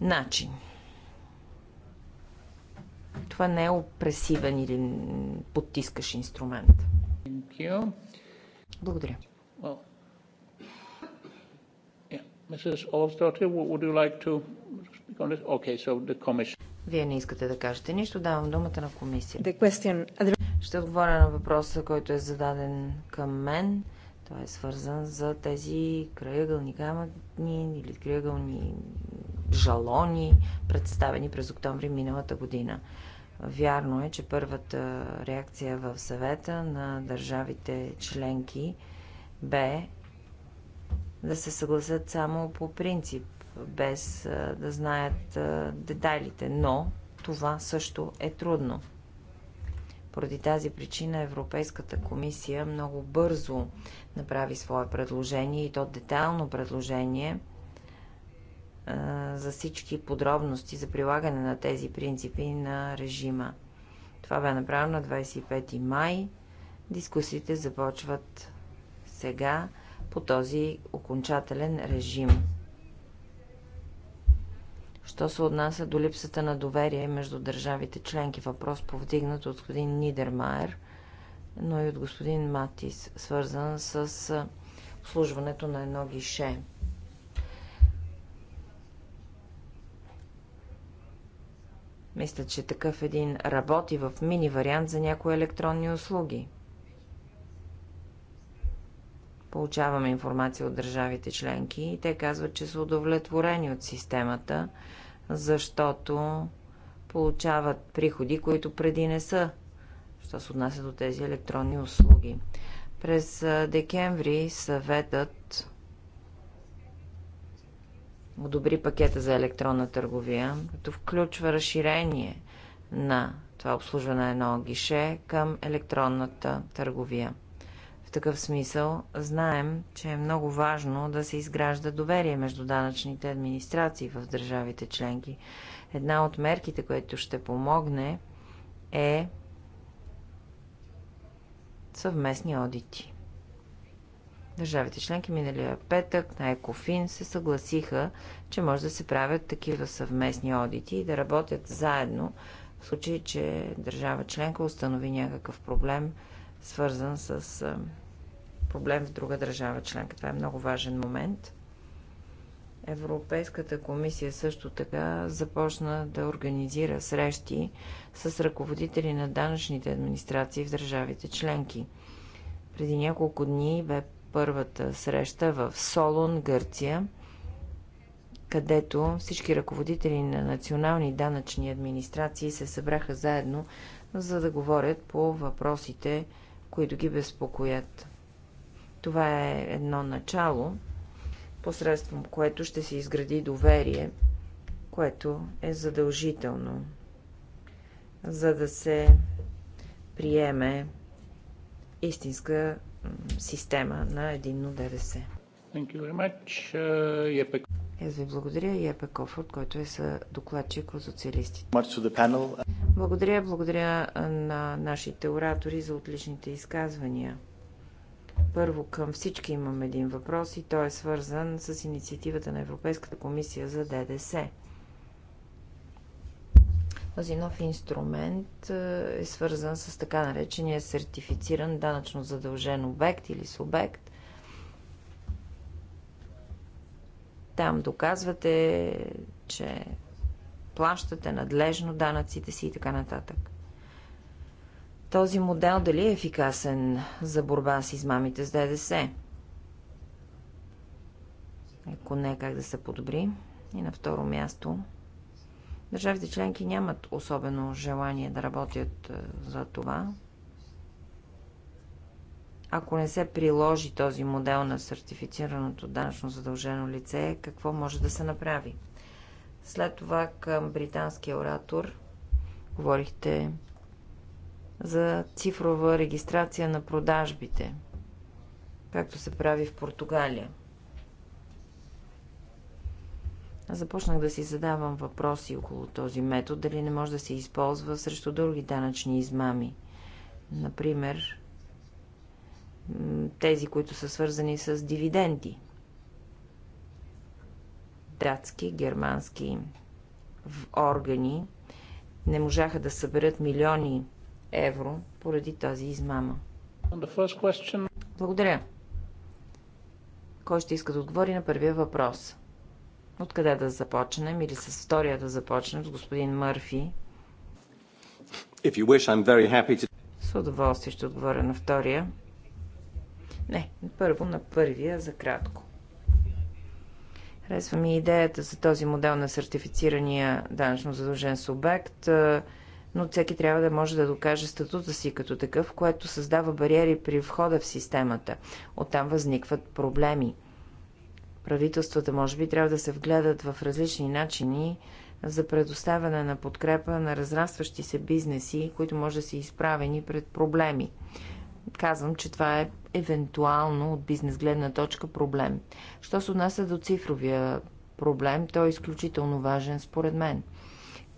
B: начин. Това не е опресивен или потискаш инструмент. Благодаря. вие не искате да кажете нищо, давам думата на комисията. Ще отговоря на въпроса, който е зададен към мен той е свързан за тези крайъгълни камъни или краягълни жалони, представени през октомври миналата година. Вярно е, че първата реакция в съвета на държавите членки бе да се съгласят само по принцип, без да знаят детайлите. Но това също е трудно. Поради тази причина Европейската комисия много бързо направи свое предложение и то детайлно предложение за всички подробности за прилагане на тези принципи на режима. Това бе направено на 25 май. Дискусиите започват сега по този окончателен режим. Що се отнася до липсата на доверие между държавите членки? Въпрос повдигнат от господин Нидермайер – но и от господин Матис, свързан с обслужването на едно гише. Мисля, че такъв един работи в мини вариант за някои електронни услуги. Получаваме информация от държавите членки и те казват, че са удовлетворени от системата, защото получават приходи, които преди не са що се отнася до тези електронни услуги. През декември съветът одобри пакета за електронна търговия, като включва разширение на това обслужване на едно гише към електронната търговия. В такъв смисъл знаем, че е много важно да се изгражда доверие между данъчните администрации в държавите членки. Една от мерките, които ще помогне е съвместни одити. Държавите членки миналия петък на Екофин се съгласиха, че може да се правят такива съвместни одити и да работят заедно в случай, че държава членка установи някакъв проблем, свързан с проблем в друга държава членка. Това е много важен момент. Европейската комисия също така започна да организира срещи с ръководители на данъчните администрации в държавите членки. Преди няколко дни бе първата среща в Солон, Гърция, където всички ръководители на национални данъчни администрации се събраха заедно, за да говорят по въпросите, които ги безпокоят. Това е едно начало, посредством което ще се изгради доверие, което е задължително, за да се приеме истинска система на единно ДДС. Uh, Аз ви благодаря и Епе Кофорд, който е докладчик от социалистите. Благодаря, благодаря на нашите оратори за отличните изказвания. Първо към всички имам един въпрос и той е свързан с инициативата на Европейската комисия за ДДС. Този нов инструмент е, е свързан с така наречения сертифициран данъчно задължен обект или субект. Там доказвате, че плащате надлежно данъците си и така нататък този модел дали е ефикасен за борба с измамите с ДДС? Ако не, как да се подобри? И на второ място, държавите членки нямат особено желание да работят е, за това. Ако не се приложи този модел на сертифицираното данъчно задължено лице, какво може да се направи? След това към британския оратор говорихте за цифрова регистрация на продажбите, както се прави в Португалия. Аз започнах да си задавам въпроси около този метод, дали не може да се използва срещу други данъчни измами. Например, тези, които са свързани с дивиденти. Датски, германски органи не можаха да съберат милиони евро поради тази измама. Благодаря. Кой ще иска да отговори на първия въпрос? Откъде да започнем или с втория да започнем с господин Мърфи?
A: Wish, to...
B: С удоволствие ще отговоря на втория. Не, първо на първия за кратко. Харесва ми идеята за този модел на сертифицирания данъчно задължен субект – но всеки трябва да може да докаже статута си като такъв, което създава бариери при входа в системата. Оттам възникват проблеми. Правителствата, може би, трябва да се вгледат в различни начини за предоставяне на подкрепа на разрастващи се бизнеси, които може да са изправени пред проблеми. Казвам, че това е евентуално от бизнес гледна точка проблем. Що се отнася до цифровия проблем, той е изключително важен според мен –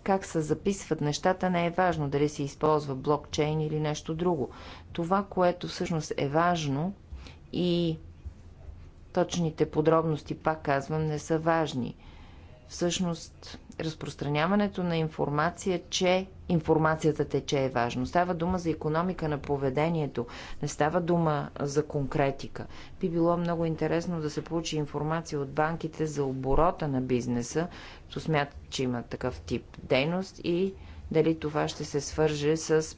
B: как се записват нещата не е важно, дали се използва блокчейн или нещо друго. Това, което всъщност е важно и точните подробности, пак казвам, не са важни. Всъщност разпространяването на информация, че информацията тече е важно. Става дума за економика на поведението, не става дума за конкретика. Би било много интересно да се получи информация от банките за оборота на бизнеса, като смятат, че има такъв тип дейност и дали това ще се свърже с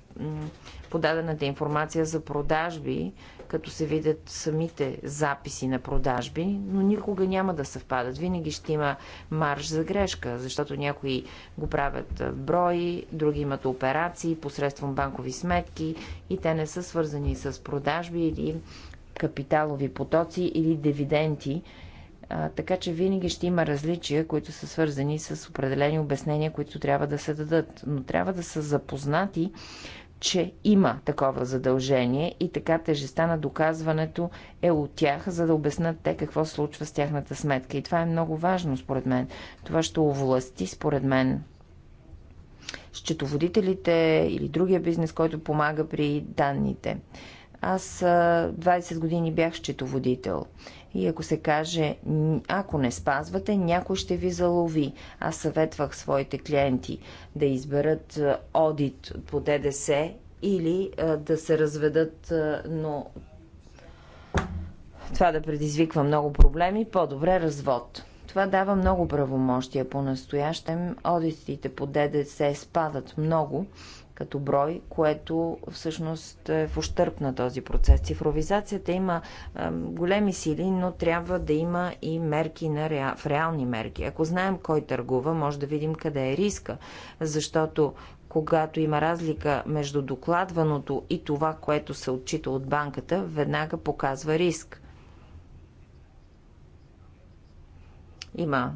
B: подадената информация за продажби като се видят самите записи на продажби, но никога няма да съвпадат. Винаги ще има марш за грешка, защото някои го правят в брои, други имат операции посредством банкови сметки и те не са свързани с продажби или капиталови потоци или дивиденти. А, така че винаги ще има различия, които са свързани с определени обяснения, които трябва да се дадат. Но трябва да са запознати че има такова задължение и така тежеста на доказването е от тях, за да обяснат те какво случва с тяхната сметка. И това е много важно, според мен. Това ще овласти, според мен, счетоводителите или другия бизнес, който помага при данните. Аз 20 години бях счетоводител. И ако се каже, ако не спазвате, някой ще ви залови. Аз съветвах своите клиенти да изберат одит по ДДС или да се разведат, но това да предизвиква много проблеми, по-добре развод. Това дава много правомощия по настоящем. Одитите по ДДС спадат много, като брой, което всъщност е в ущърп на този процес. Цифровизацията има е, големи сили, но трябва да има и мерки на реал, в реални мерки. Ако знаем кой търгува, може да видим къде е риска, защото когато има разлика между докладваното и това, което се отчита от банката, веднага показва риск. Има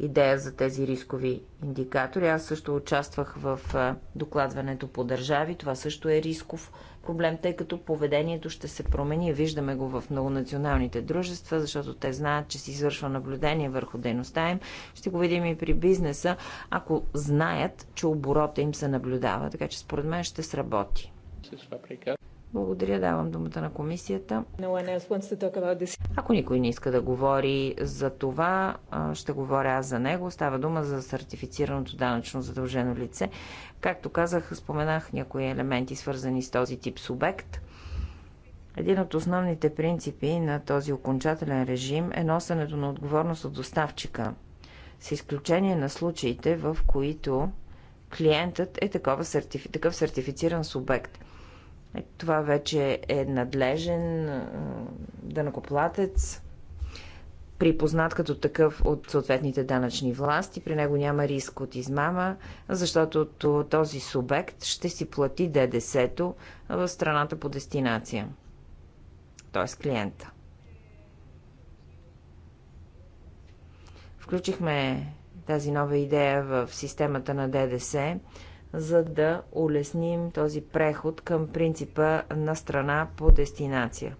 B: идея за тези рискови индикатори. Аз също участвах в докладването по държави. Това също е рисков проблем, тъй като поведението ще се промени. Виждаме го в многонационалните дружества, защото те знаят, че се извършва наблюдение върху дейността им. Ще го видим и при бизнеса, ако знаят, че оборота им се наблюдава. Така че според мен ще сработи. Благодаря, давам думата на комисията. Ако никой не иска да говори за това, ще говоря аз за него. Става дума за сертифицираното данъчно задължено лице. Както казах, споменах някои елементи, свързани с този тип субект. Един от основните принципи на този окончателен режим е носенето на отговорност от доставчика, с изключение на случаите, в които клиентът е такъв сертифициран субект – е, това вече е надлежен дънакоплатец, припознат като такъв от съответните данъчни власти. При него няма риск от измама, защото този субект ще си плати ДДС-то в страната по дестинация, т.е. клиента. Включихме тази нова идея в системата на ДДС, за да улесним този преход към принципа на страна по дестинация.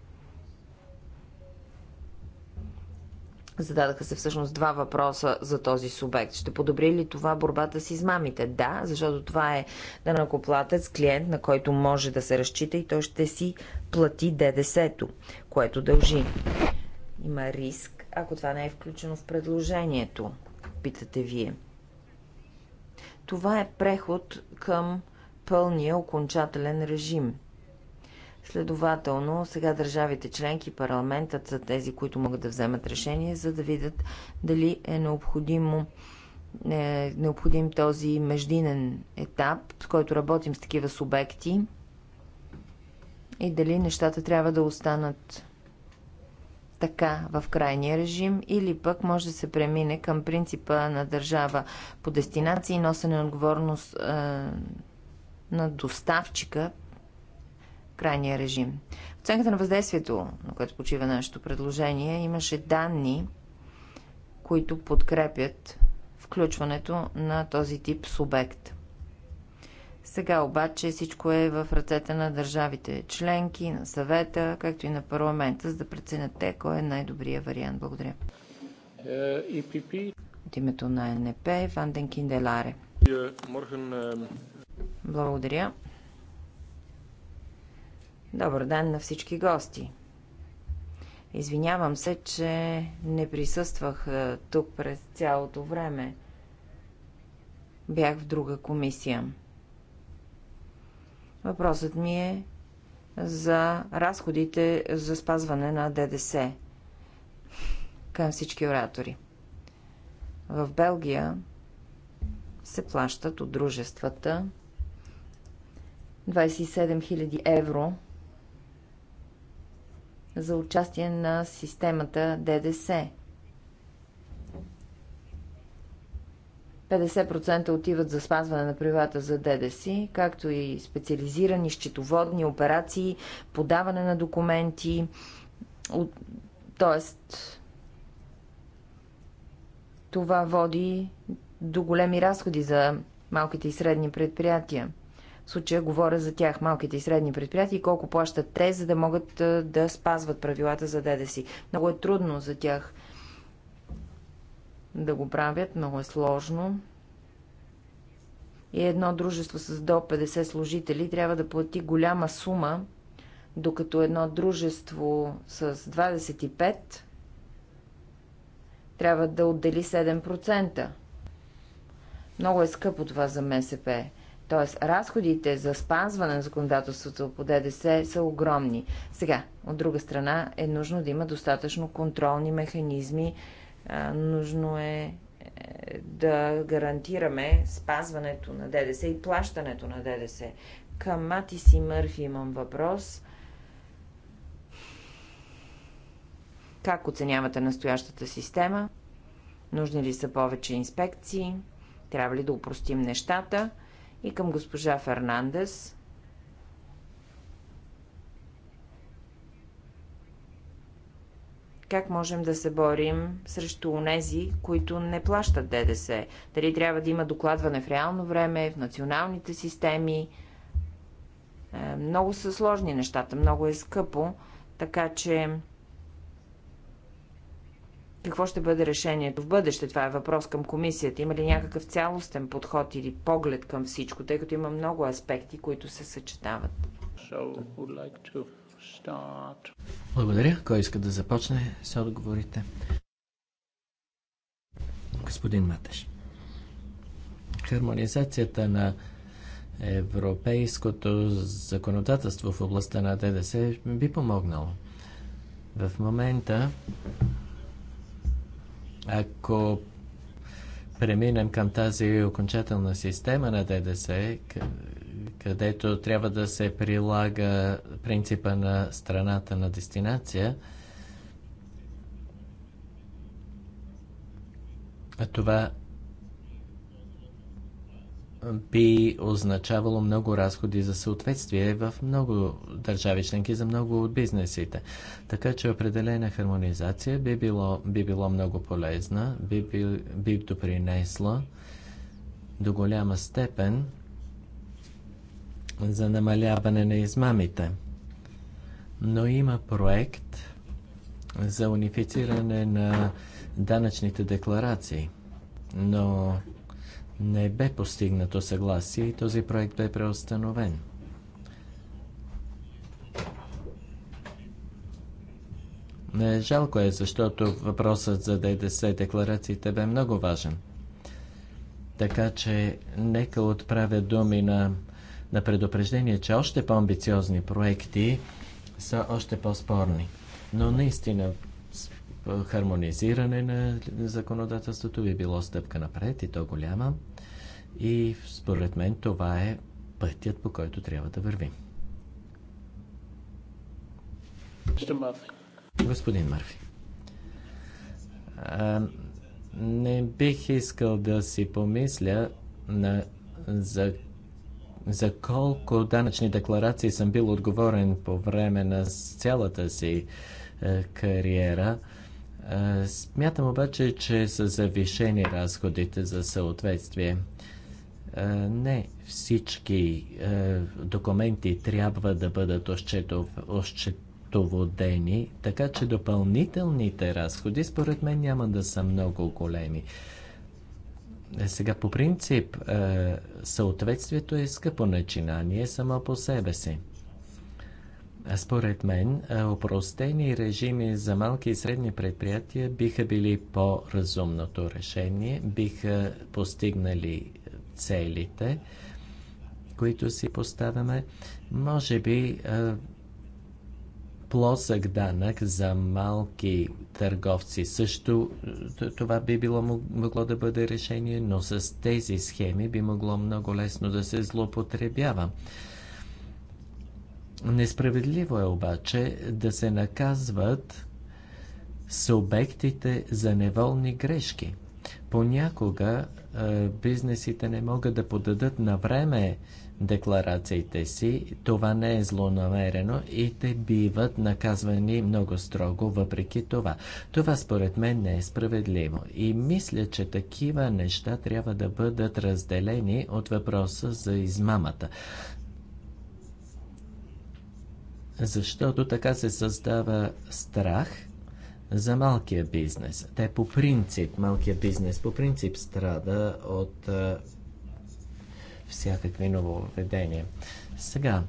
B: Зададаха се всъщност два въпроса за този субект. Ще подобри ли това борбата с измамите? Да, защото това е данакоплатец, клиент, на който може да се разчита и той ще си плати ДДС-то, което дължи. Има риск, ако това не е включено в предложението, питате вие. Това е преход към пълния окончателен режим. Следователно, сега държавите членки, парламентът са тези, които могат да вземат решение, за да видят дали е необходимо е необходим този междинен етап, с който работим с такива субекти и дали нещата трябва да останат така в крайния режим или пък може да се премине към принципа на държава по дестинации и носене на отговорност е, на доставчика в крайния режим. В оценката на въздействието, на което почива нашето предложение, имаше данни, които подкрепят включването на този тип субект – сега обаче всичко е в ръцете на държавите членки, на съвета, както и на парламента, за да преценят те кой е най-добрия вариант. Благодаря. Е, От името на НП Ванден Кинделаре.
C: Е, е,
B: Благодаря. Добър ден на всички гости. Извинявам се, че не присъствах тук през цялото време. Бях в друга комисия. Въпросът ми е за разходите за спазване на ДДС към всички оратори. В Белгия се плащат от дружествата 27 000 евро за участие на системата ДДС. 50% отиват за спазване на правилата за ДДС, както и специализирани счетоводни операции, подаване на документи, от... т.е. това води до големи разходи за малките и средни предприятия. В случая говоря за тях, малките и средни предприятия колко плащат те, за да могат да спазват правилата за ДДС. Много е трудно за тях – да го правят. Много е сложно. И едно дружество с до 50 служители трябва да плати голяма сума, докато едно дружество с 25 трябва да отдели 7%. Много е скъпо това за МСП. Т.е. разходите за спазване на законодателството по ДДС са огромни. Сега, от друга страна, е нужно да има достатъчно контролни механизми нужно е, е да гарантираме спазването на ДДС и плащането на ДДС. Към Мати Си Мърфи имам въпрос. Как оценявате настоящата система? Нужни ли са повече инспекции? Трябва ли да упростим нещата? И към госпожа Фернандес. Как можем да се борим срещу онези, които не плащат ДДС? Дали трябва да има докладване в реално време, в националните системи? Е, много са сложни нещата, много е скъпо, така че какво ще бъде решението в бъдеще? Това е въпрос към комисията. Има ли някакъв цялостен подход или поглед към всичко, тъй като има много аспекти, които се съчетават? So, like to start.
C: Благодаря. Кой иска да започне с отговорите? Господин Матеш. Хармонизацията на европейското законодателство в областта на ДДС би помогнало. В момента, ако преминем към тази окончателна система на ДДС, където трябва да се прилага принципа на страната на дестинация, това би означавало много разходи за съответствие в много държави членки, за много от бизнесите. Така че определена хармонизация би било, би било много полезна, би, би, би допринесла до голяма степен за намаляване на измамите. Но има проект за унифициране на данъчните декларации. Но не бе постигнато съгласие и този проект бе преустановен. Е, жалко е, защото въпросът за ДДС декларациите бе много важен. Така че нека отправя думи на на предупреждение, че още по-амбициозни проекти са още по-спорни. Но наистина хармонизиране на законодателството би било стъпка напред и то голяма. И според мен това е пътят, по който трябва да вървим. Господин Марфи. А, не бих искал да си помисля на, за за колко данъчни декларации съм бил отговорен по време на цялата си е, кариера, е, смятам обаче, че са завишени разходите за съответствие. Е, не всички документи трябва да бъдат ощетоводени, така че допълнителните разходи според мен няма да са много големи. Е, сега по принцип е, съответствието е скъпо начинание само по себе си. Според мен, е, опростени режими за малки и средни предприятия биха били по-разумното решение, биха постигнали целите, които си поставяме. Може би плосък данък за малки търговци. Също това би било могло да бъде решение, но с тези схеми би могло много лесно да се злоупотребява. Несправедливо е обаче да се наказват субектите за неволни грешки. Понякога бизнесите не могат да подадат на време декларациите си. Това не е злонамерено и те биват наказвани много строго въпреки това. Това според мен не е справедливо и мисля, че такива неща трябва да бъдат разделени от въпроса за измамата. Защото така се създава страх за малкия бизнес. Те по принцип, малкия бизнес по принцип страда от всякакви нововведения. Сега,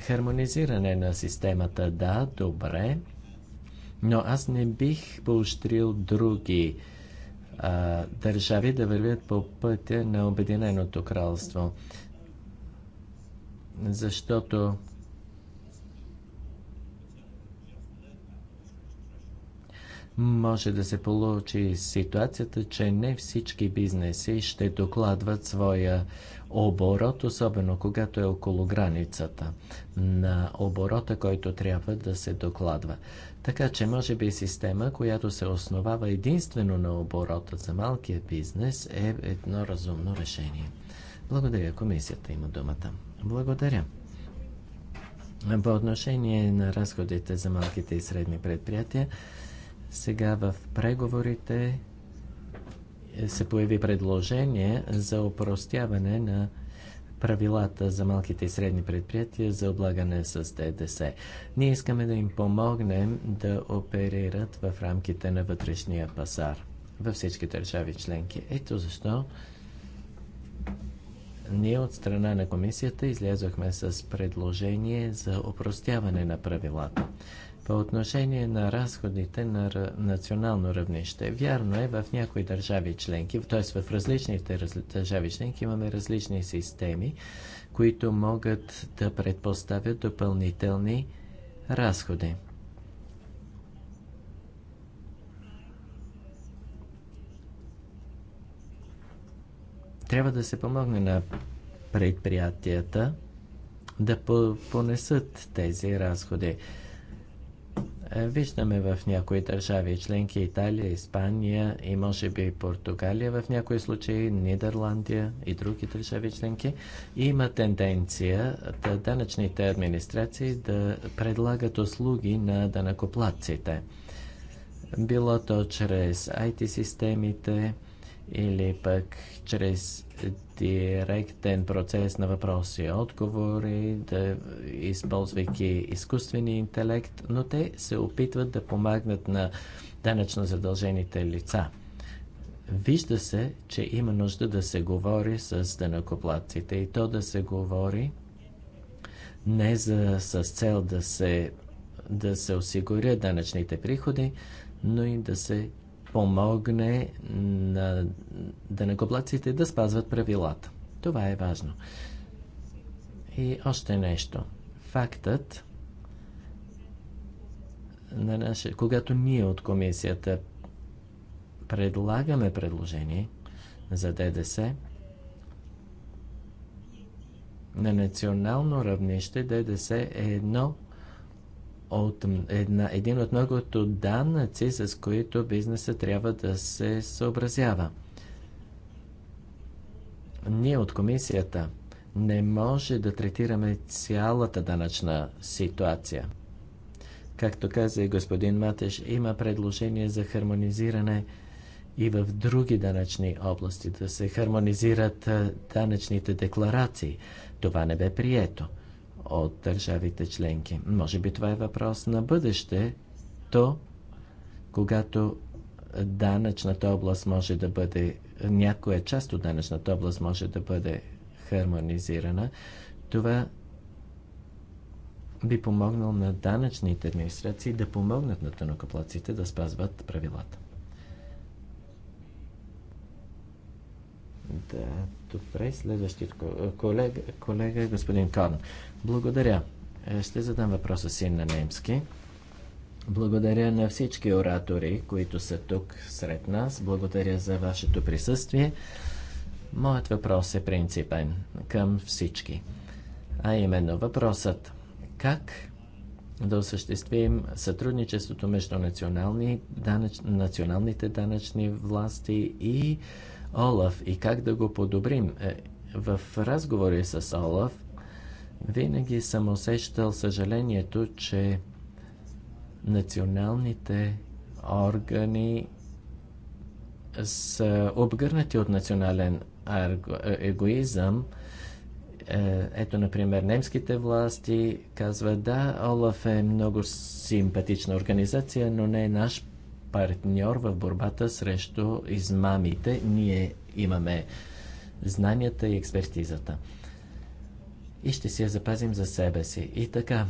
C: хармонизиране на системата, да, добре, но аз не бих поощрил други а, държави да вървят по пътя на Обединеното кралство, защото може да се получи ситуацията, че не всички бизнеси ще докладват своя оборот, особено когато е около границата на оборота, който трябва да се докладва. Така че може би система, която се основава единствено на оборота за малкия бизнес е едно разумно решение. Благодаря, комисията има думата. Благодаря. По отношение на разходите за малките и средни предприятия, сега в преговорите се появи предложение за упростяване на правилата за малките и средни предприятия за облагане с ДДС. Ние искаме да им помогнем да оперират в рамките на вътрешния пазар във всички държави членки. Ето защо ние от страна на комисията излязохме с предложение за упростяване на правилата. По отношение на разходите на национално равнище, вярно е, в някои държави членки, т.е. в различните държави членки имаме различни системи, които могат да предпоставят допълнителни разходи. Трябва да се помогне на предприятията да понесат тези разходи. Е, виждаме в някои държави, членки Италия, Испания и може би Португалия в някои случаи, Нидерландия и други държави членки, има тенденция да данъчните администрации да предлагат услуги на данъкоплатците. Било то чрез IT-системите, или пък чрез директен процес на въпроси и отговори, да, използвайки изкуствения интелект, но те се опитват да помагнат на данъчно задължените лица. Вижда се, че има нужда да се говори с данъкоплатците и то да се говори не за, с цел да се, да се осигурят данъчните приходи, но и да се помогне на данекоплаците да спазват правилата. Това е важно. И още нещо. Фактът, на наше, когато ние от комисията предлагаме предложение за ДДС, на национално равнище ДДС е едно от една, един от многото данъци, с които бизнеса трябва да се съобразява. Ние от комисията не може да третираме цялата данъчна ситуация. Както каза и господин Матеш, има предложение за хармонизиране и в други данъчни области да се хармонизират данъчните декларации. Това не бе прието от държавите членки. Може би това е въпрос на бъдеще, то, когато данъчната област може да бъде, някоя част от данъчната област може да бъде хармонизирана. Това би помогнал на данъчните администрации да помогнат на тънокоплаците да спазват правилата. Да, добре. Следващият колега, колега е господин Карн. Благодаря. Е, ще задам въпроса си на немски. Благодаря на всички оратори, които са тук сред нас. Благодаря за вашето присъствие. Моят въпрос е принципен към всички. А именно въпросът как да осъществим сътрудничеството между национални, данъч, националните данъчни власти и ОЛАФ и как да го подобрим. Е, в разговори с ОЛАФ винаги съм усещал съжалението, че националните органи са обгърнати от национален егоизъм. Е, ето, например, немските власти казват, да, Олаф е много симпатична организация, но не е наш партньор в борбата срещу измамите. Ние имаме знанията и експертизата и ще си я запазим за себе си. И така,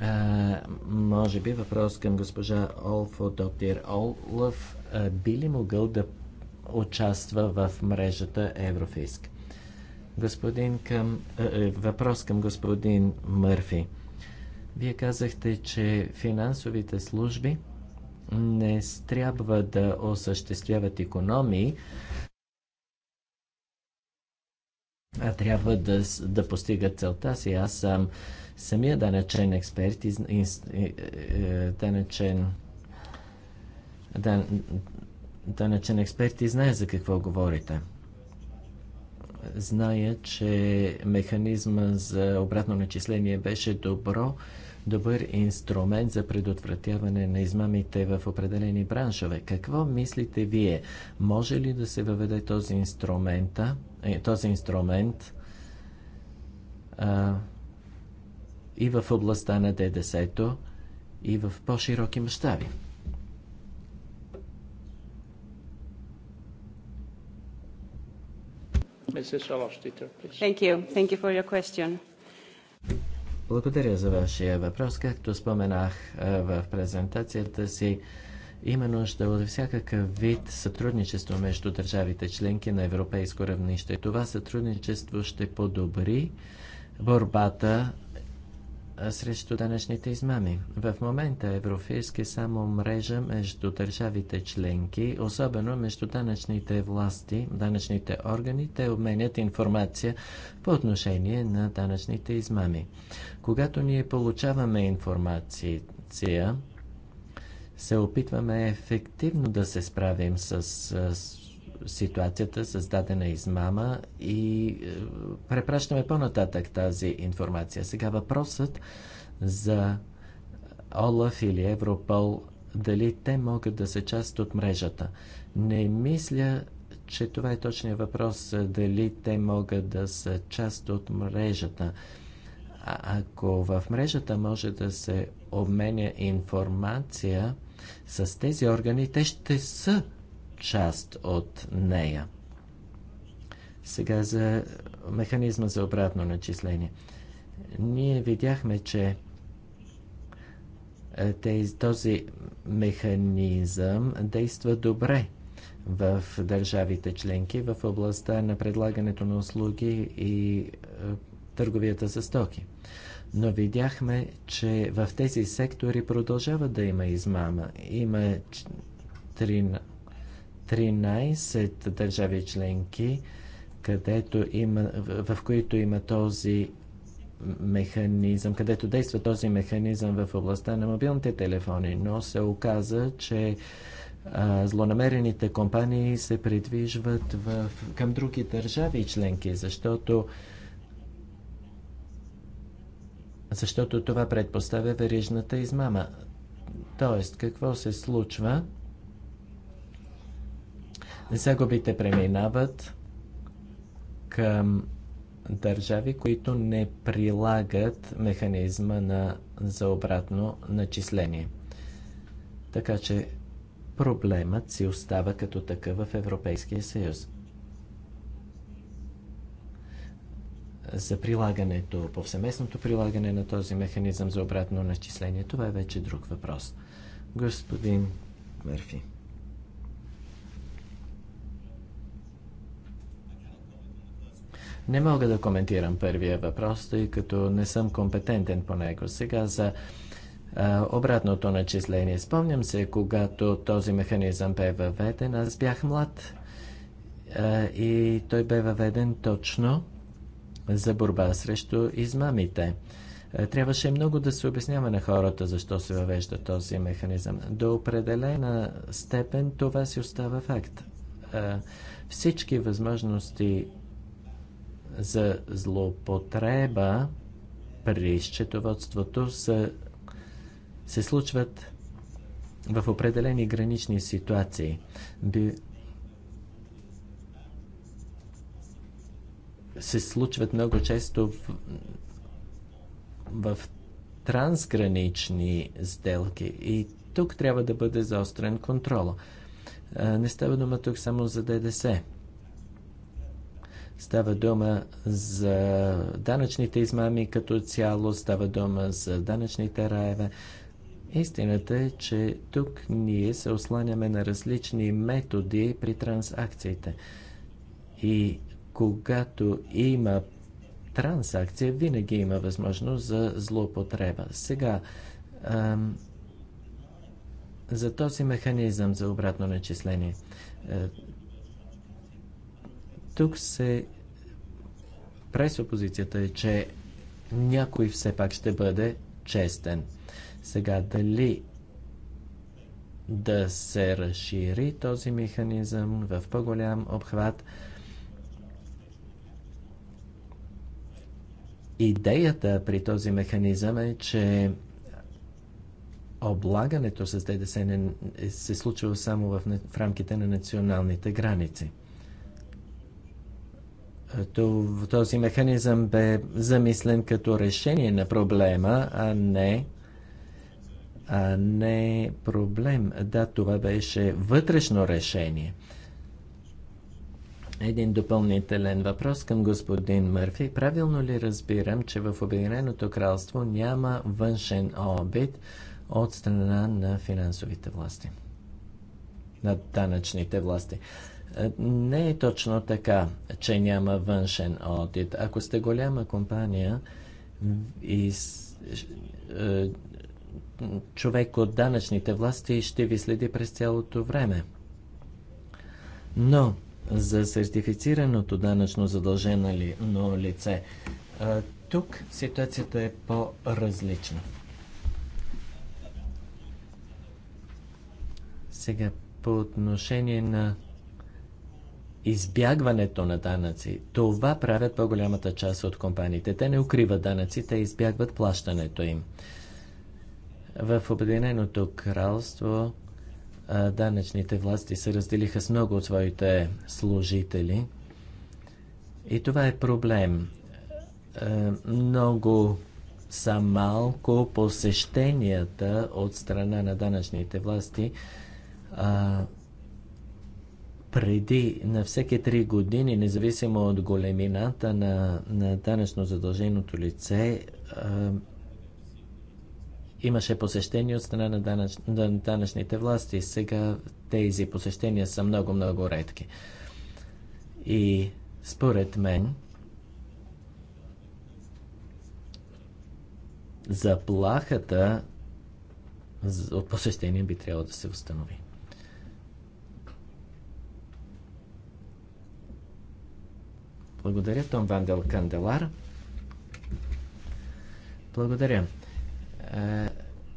C: а, може би въпрос към госпожа Олфо, доктор Олаф, би ли могъл да участва в мрежата Еврофиск? Господин към, а, е, въпрос към господин Мърфи. Вие казахте, че финансовите служби не трябва да осъществяват економии, а трябва да, да постигат целта си. Аз съм самия данъчен експерт из, из, и е, е, е, данъчен дан, данъчен експерт и знае за какво говорите. Зная, че механизма за обратно начисление беше добро, добър инструмент за предотвратяване на измамите в определени браншове. Какво мислите вие? Може ли да се въведе този инструмент е този инструмент а, и в областта на ДДС, и в по-широки мащаби. Благодаря за вашия въпрос. Както споменах в презентацията си, има нужда от всякакъв вид сътрудничество между държавите членки на европейско равнище. Това сътрудничество ще подобри борбата срещу данъчните измами. В момента е само мрежа между държавите членки, особено между данъчните власти, данъчните органи, те обменят информация по отношение на данъчните измами. Когато ние получаваме информация се опитваме ефективно да се справим с, с ситуацията, създадена измама и е, препращаме по-нататък тази информация. Сега въпросът за Олаф или Европол, дали те могат да са част от мрежата. Не мисля, че това е точният въпрос, е дали те могат да са част от мрежата. А ако в мрежата може да се обменя информация с тези органи, те ще са част от нея. Сега за механизма за обратно начисление. Ние видяхме, че е, този механизъм действа добре в държавите членки в областта на предлагането на услуги и е, търговията за стоки. Но видяхме, че в тези сектори продължава да има измама. Има 13 държави членки, където има, в които има този механизъм, където действа този механизъм в областта на мобилните телефони, но се оказа, че а, злонамерените компании се придвижват в, към други държави членки, защото защото това предпоставя верижната измама. Тоест, какво се случва? Загубите преминават към държави, които не прилагат механизма на, за обратно начисление. Така че проблемът си остава като такъв в Европейския съюз. за прилагането, повсеместното прилагане на този механизъм за обратно начисление. Това е вече друг въпрос. Господин Мерфи. Не мога да коментирам първия въпрос, тъй като не съм компетентен по него. Сега за а, обратното начисление. Спомням се, когато този механизъм бе въведен, аз бях млад а, и той бе въведен точно за борба срещу измамите. Е, трябваше много да се обяснява на хората защо се въвежда този механизъм. До определена степен това си остава факт. Е, всички възможности за злоупотреба при счетоводството са, се случват в определени гранични ситуации. се случват много често в, в трансгранични сделки и тук трябва да бъде заострен контрол. Не става дума тук само за ДДС. Става дума за данъчните измами като цяло, става дума за данъчните раеве. Истината е, че тук ние се осланяме на различни методи при трансакциите. И когато има трансакция, винаги има възможност за злоупотреба. Сега, ам, за този механизъм за обратно начисление. Е, тук се през опозицията е, че някой все пак ще бъде честен. Сега дали да се разшири този механизъм в по-голям обхват – Идеята при този механизъм е, че облагането с ДДС не, се случва само в, в рамките на националните граници. Този механизъм бе замислен като решение на проблема, а не, а не проблем. Да, това беше вътрешно решение – един допълнителен въпрос към господин Мърфи. Правилно ли разбирам, че в Обединеното кралство няма външен обид от страна на финансовите власти? На данъчните власти. Е, не е точно така, че няма външен одит. Ако сте голяма компания и е, човек от данъчните власти ще ви следи през цялото време. Но за сертифицираното данъчно задължено ли, но лице. Тук ситуацията е по-различна. Сега по отношение на избягването на данъци. Това правят по-голямата част от компаниите. Те не укриват данъци, те избягват плащането им. В Обединеното кралство данъчните власти се разделиха с много от своите служители. И това е проблем. Много са малко посещенията от страна на данъчните власти. преди на всеки три години, независимо от големината на, на данъчно задълженото лице, Имаше посещения от страна на, данъч, на данъчните власти. Сега тези посещения са много-много редки. И според мен, заплахата от посещение би трябвало да се установи. Благодаря, Том Вандел Канделар. Благодаря. Е,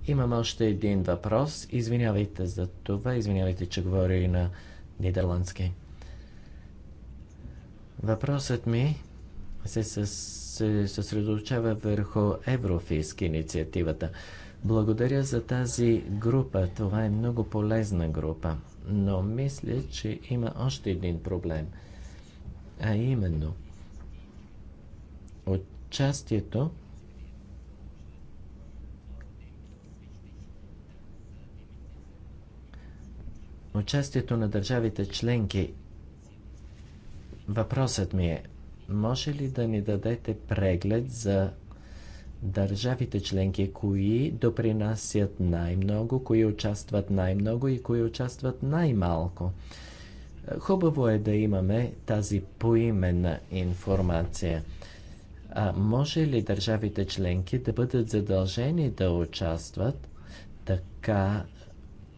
C: Имам още един въпрос. Извинявайте за това. Извинявайте, че говоря и на нидерландски. Въпросът ми се, съсредоточава върху Еврофиск инициативата. Благодаря за тази група. Това е много полезна група. Но мисля, че има още един проблем. А именно, участието участието на държавите членки. Въпросът ми е, може ли да ни дадете преглед за държавите членки, кои допринасят най-много, кои участват най-много и кои участват най-малко? Хубаво е да имаме тази поименна информация. А може ли държавите членки да бъдат задължени да участват така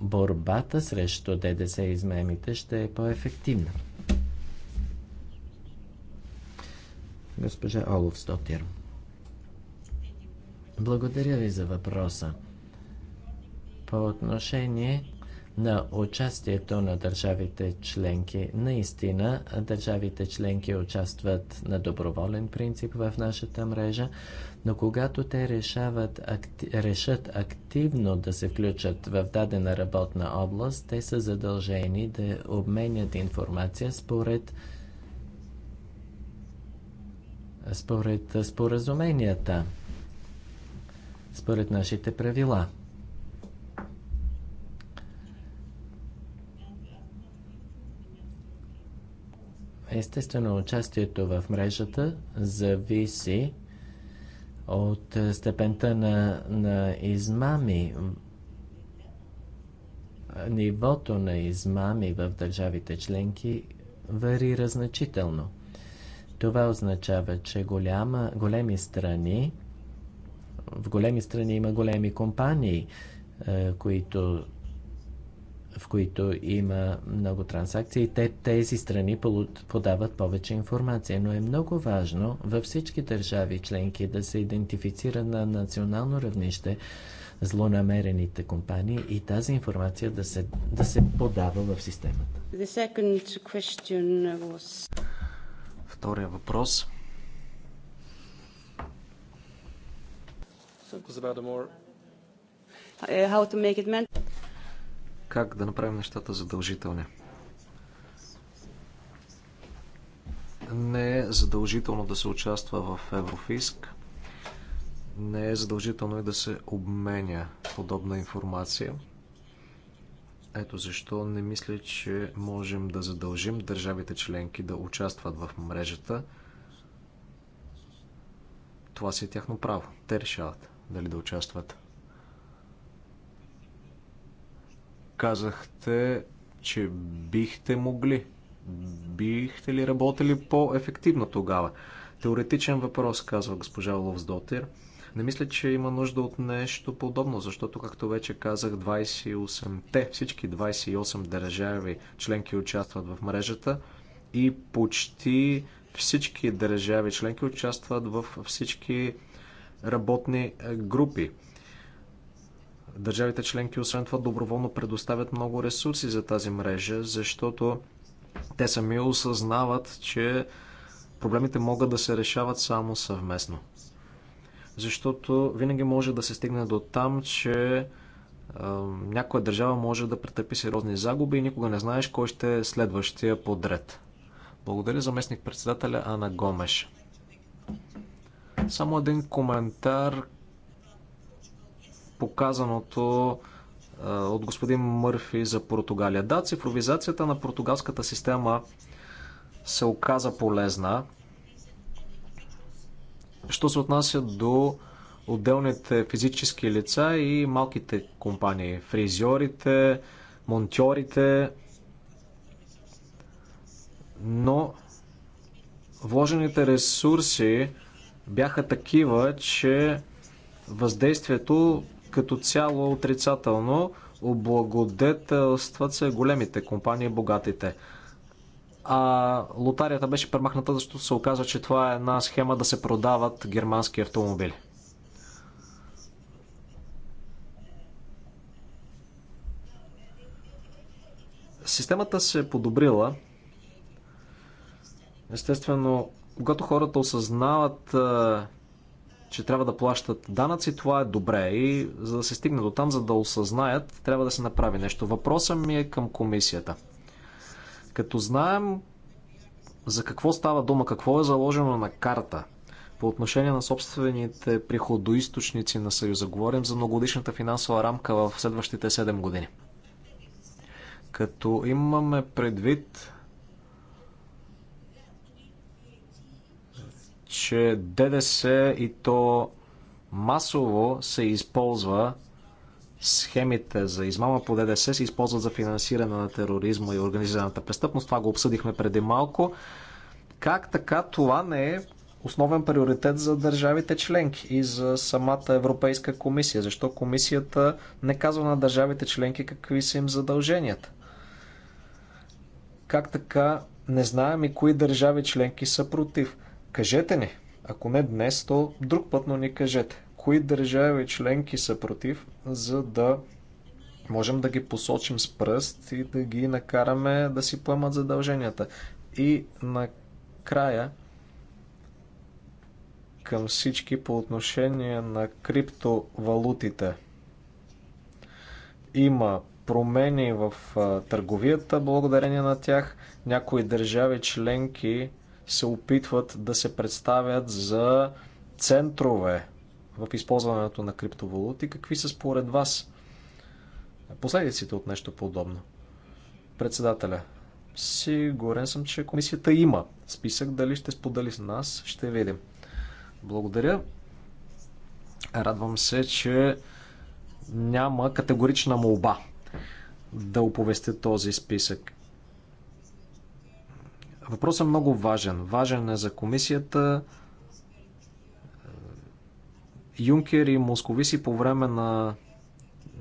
C: борбата срещу ДДС измемите ще е по-ефективна. Госпожа Олов Стотир. Благодаря ви за въпроса. По отношение на участието на държавите членки. Наистина, държавите членки участват на доброволен принцип в нашата мрежа, но когато те решават, акти, решат активно да се включат в дадена работна област, те са задължени да обменят информация според според споразуменията, според нашите правила. Естествено, участието в мрежата зависи от е, степента на, на измами. Нивото на измами в държавите членки варира значително. Това означава, че голяма, големи страни, в големи страни има големи компании, е, които в които има много транзакции, те, тези страни подават повече информация. Но е много важно във всички държави членки да се идентифицира на национално равнище злонамерените компании и тази информация да се, да се подава в системата.
B: Was...
A: Втория въпрос.
B: Uh, how to make it
A: как да направим нещата задължителни. Не е задължително да се участва в Еврофиск. Не е задължително и да се обменя подобна информация. Ето защо не мисля, че можем да задължим държавите членки да участват в мрежата. Това си е тяхно право. Те решават дали да участват. Казахте, че бихте могли. Бихте ли работили по-ефективно тогава? Теоретичен въпрос, казва госпожа Ловсдотир. Не мисля, че има нужда от нещо подобно, защото, както вече казах, 28-те, всички 28 държави членки участват в мрежата и почти всички държави членки участват в всички работни групи. Държавите членки освен това доброволно предоставят много ресурси за тази мрежа, защото те сами осъзнават, че проблемите могат да се решават само съвместно. Защото винаги може да се стигне до там, че е, някоя държава може да претърпи сериозни загуби и никога не знаеш кой ще е следващия подред. Благодаря заместник председателя Ана Гомеш. Само един коментар показаното от господин Мърфи за Португалия. Да, цифровизацията на португалската система се оказа полезна. Що се отнася до отделните физически лица и малките компании, фризьорите, монтьорите, но вложените ресурси бяха такива, че въздействието като цяло отрицателно. Облагодетелстват се големите компании, богатите. А лотарията беше премахната, защото се оказа, че това е една схема да се продават германски автомобили. Системата се е подобрила. Естествено, когато хората осъзнават че трябва да плащат данъци, това е добре. И за да се стигне до там, за да осъзнаят, трябва да се направи нещо. Въпросът ми е към комисията. Като знаем за какво става дума, какво е заложено на карта по отношение на собствените приходоисточници на Съюза, говорим за многодишната финансова рамка в следващите 7 години. Като имаме предвид че ДДС и то масово се използва схемите за измама по ДДС се използват за финансиране на тероризма и организираната престъпност. Това го обсъдихме преди малко. Как така това не е основен приоритет за държавите членки и за самата Европейска комисия? Защо комисията не казва на държавите членки какви са им задълженията? Как така не знаем и кои държави членки са против? Кажете ни, ако не днес, то друг път, но ни кажете. Кои държави членки са против, за да можем да ги посочим с пръст и да ги накараме да си поемат задълженията. И накрая към всички по отношение на криптовалутите. Има промени в търговията благодарение на тях. Някои държави членки се опитват да се представят за центрове в използването на криптовалути. Какви са според вас последиците от нещо подобно? Председателя, сигурен съм, че комисията има списък. Дали ще сподели с нас, ще видим. Благодаря. Радвам се, че няма категорична молба да оповести този списък. Въпросът е много важен. Важен е за комисията. Юнкер и Московиси по време на,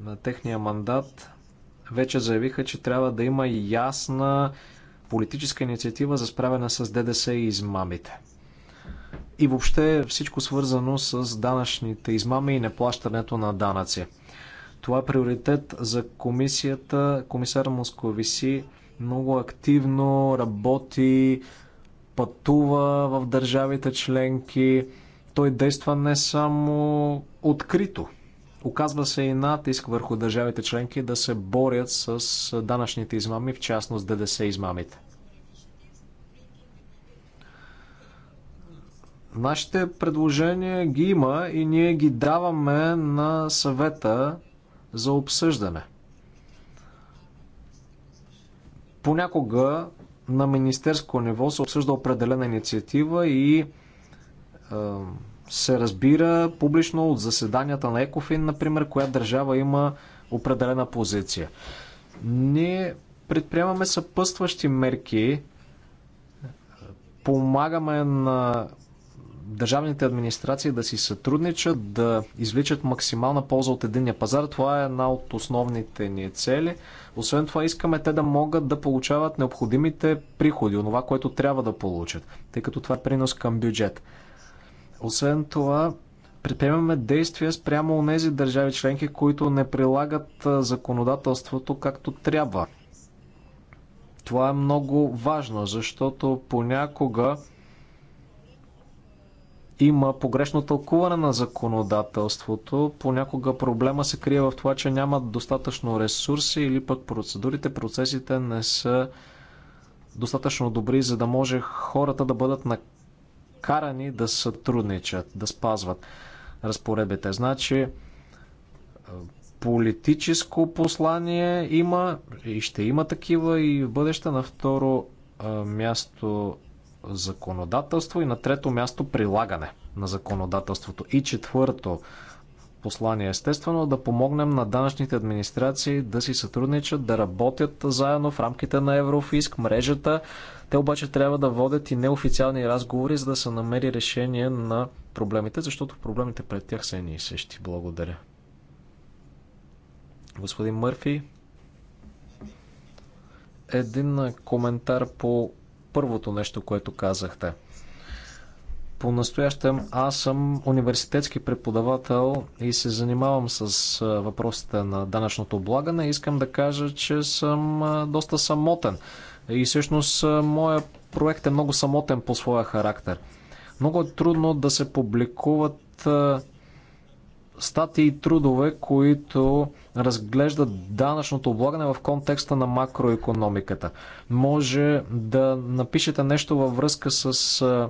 A: на техния мандат вече заявиха, че трябва да има ясна политическа инициатива за справяне с ДДС и измамите. И въобще всичко свързано с данъчните измами и неплащането на данъци. Това е приоритет за комисията. Комисар Московиси много активно работи, пътува в държавите членки. Той действа не само открито. Оказва се и натиск върху държавите членки да се борят с данъчните измами, в частност ДДС измамите. Нашите предложения ги има и ние ги даваме на съвета за обсъждане. Понякога на министерско ниво се обсъжда определена инициатива и е, се разбира публично от заседанията на Екофин, например, коя държава има определена позиция. Ние предприемаме съпъстващи мерки, помагаме на държавните администрации да си сътрудничат, да извличат максимална полза от единния пазар. Това е една от основните ни цели. Освен това, искаме те да могат да получават необходимите приходи, онова, което трябва да получат, тъй като това е принос към бюджет. Освен това, предприемаме действия спрямо от тези държави членки, които не прилагат законодателството както трябва. Това е много важно, защото понякога има погрешно тълкуване на законодателството. Понякога проблема се крие в това, че нямат достатъчно ресурси или пък процедурите, процесите не са достатъчно добри, за да може хората да бъдат накарани да сътрудничат, да спазват разпоредбите. Значи, е, политическо послание има и ще има такива и в бъдеще на второ е, място законодателство и на трето място прилагане на законодателството. И четвърто послание естествено да помогнем на данъчните администрации да си сътрудничат, да работят заедно в рамките на Еврофиск, мрежата. Те обаче трябва да водят и неофициални разговори, за да се намери решение на проблемите, защото проблемите пред тях са едни и същи. Благодаря. Господин Мърфи, един коментар по първото нещо, което казахте. По-настоящем аз съм университетски преподавател и се занимавам с въпросите на данъчното облагане. Искам да кажа, че съм доста самотен. И всъщност моя проект е много самотен по своя характер. Много е трудно да се публикуват статии и трудове, които разглеждат данъчното облагане в контекста на макроекономиката. Може да напишете нещо във връзка с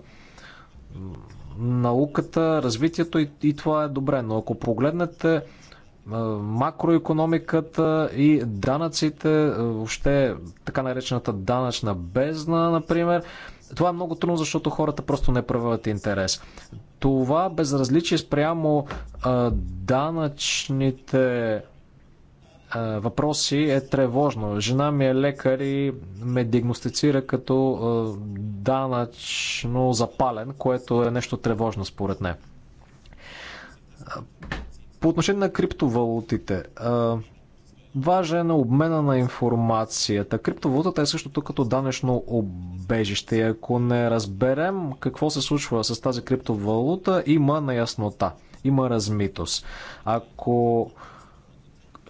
A: науката, развитието и, и това е добре. Но ако погледнете макроекономиката и данъците, въобще така наречената данъчна бездна, например, това е много трудно, защото хората просто не правят интерес. Това безразличие спрямо а, данъчните а, въпроси е тревожно. Жена ми е лекар и ме диагностицира като а, данъчно запален, което е нещо тревожно според нея. По отношение на криптовалутите, а, Важен е обмена на информацията. Криптовалутата е същото като данъчно обежище. И ако не разберем какво се случва с тази криптовалута, има наяснота, има размитост. Ако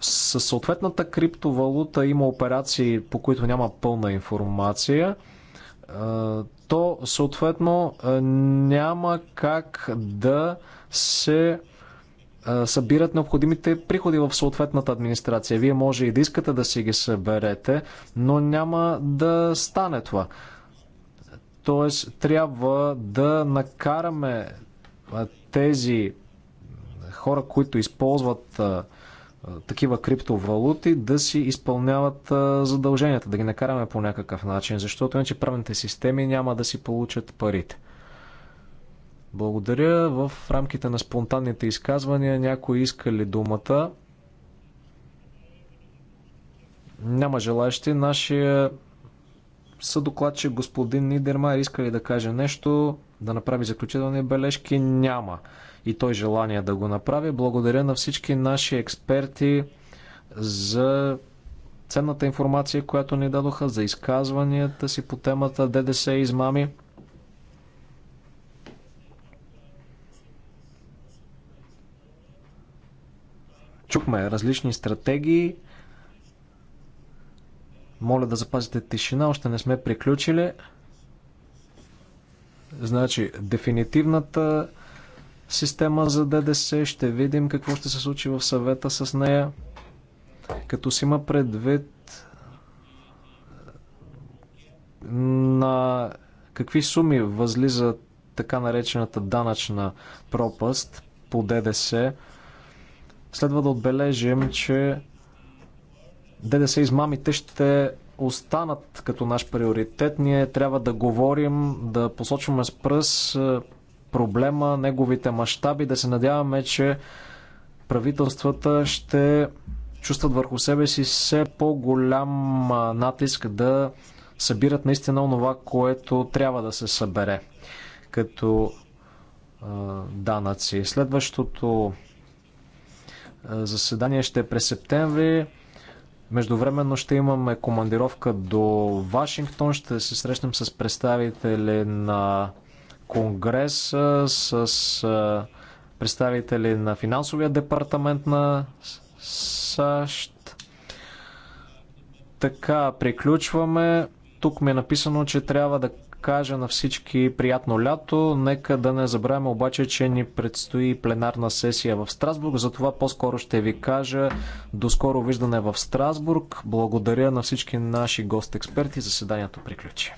A: със съответната криптовалута има операции, по които няма пълна информация, то съответно няма как да се събират необходимите приходи в съответната администрация. Вие може и да искате да си ги съберете, но няма да стане това. Тоест, трябва да накараме тези хора, които използват такива криптовалути, да си изпълняват задълженията, да ги накараме по някакъв начин, защото иначе правните системи няма да си получат парите. Благодаря. В рамките на спонтанните изказвания някой иска ли думата? Няма желаящи. Нашия съдокладчик господин Нидермайер иска ли да каже нещо, да направи заключителни бележки? Няма. И той желание да го направи. Благодаря на всички наши експерти за ценната информация, която ни дадоха, за изказванията си по темата ДДС и измами. Чухме различни стратегии. Моля да запазите тишина, още не сме приключили. Значи, дефинитивната система за ДДС, ще видим какво ще се случи в съвета с нея. Като си има предвид на какви суми възлиза така наречената данъчна пропаст по ДДС, Следва да отбележим, че ДДС измамите ще останат като наш приоритет. Ние трябва да говорим, да посочваме с пръст е, проблема, неговите мащаби, да се надяваме, че правителствата ще чувстват върху себе си все по-голям е, натиск да събират наистина онова, което трябва да се събере като е, данъци. Следващото е, заседание ще е през септември. Междувременно ще имаме командировка до Вашингтон. Ще се срещнем с представители на Конгреса, с е, представители на финансовия департамент на САЩ. Така, приключваме. Тук ми е написано, че трябва да кажа на всички приятно лято. Нека да не забравяме обаче, че ни предстои пленарна сесия в Страсбург. Затова по-скоро ще ви кажа до скоро виждане в Страсбург. Благодаря на всички наши гост-експерти. Заседанието приключи.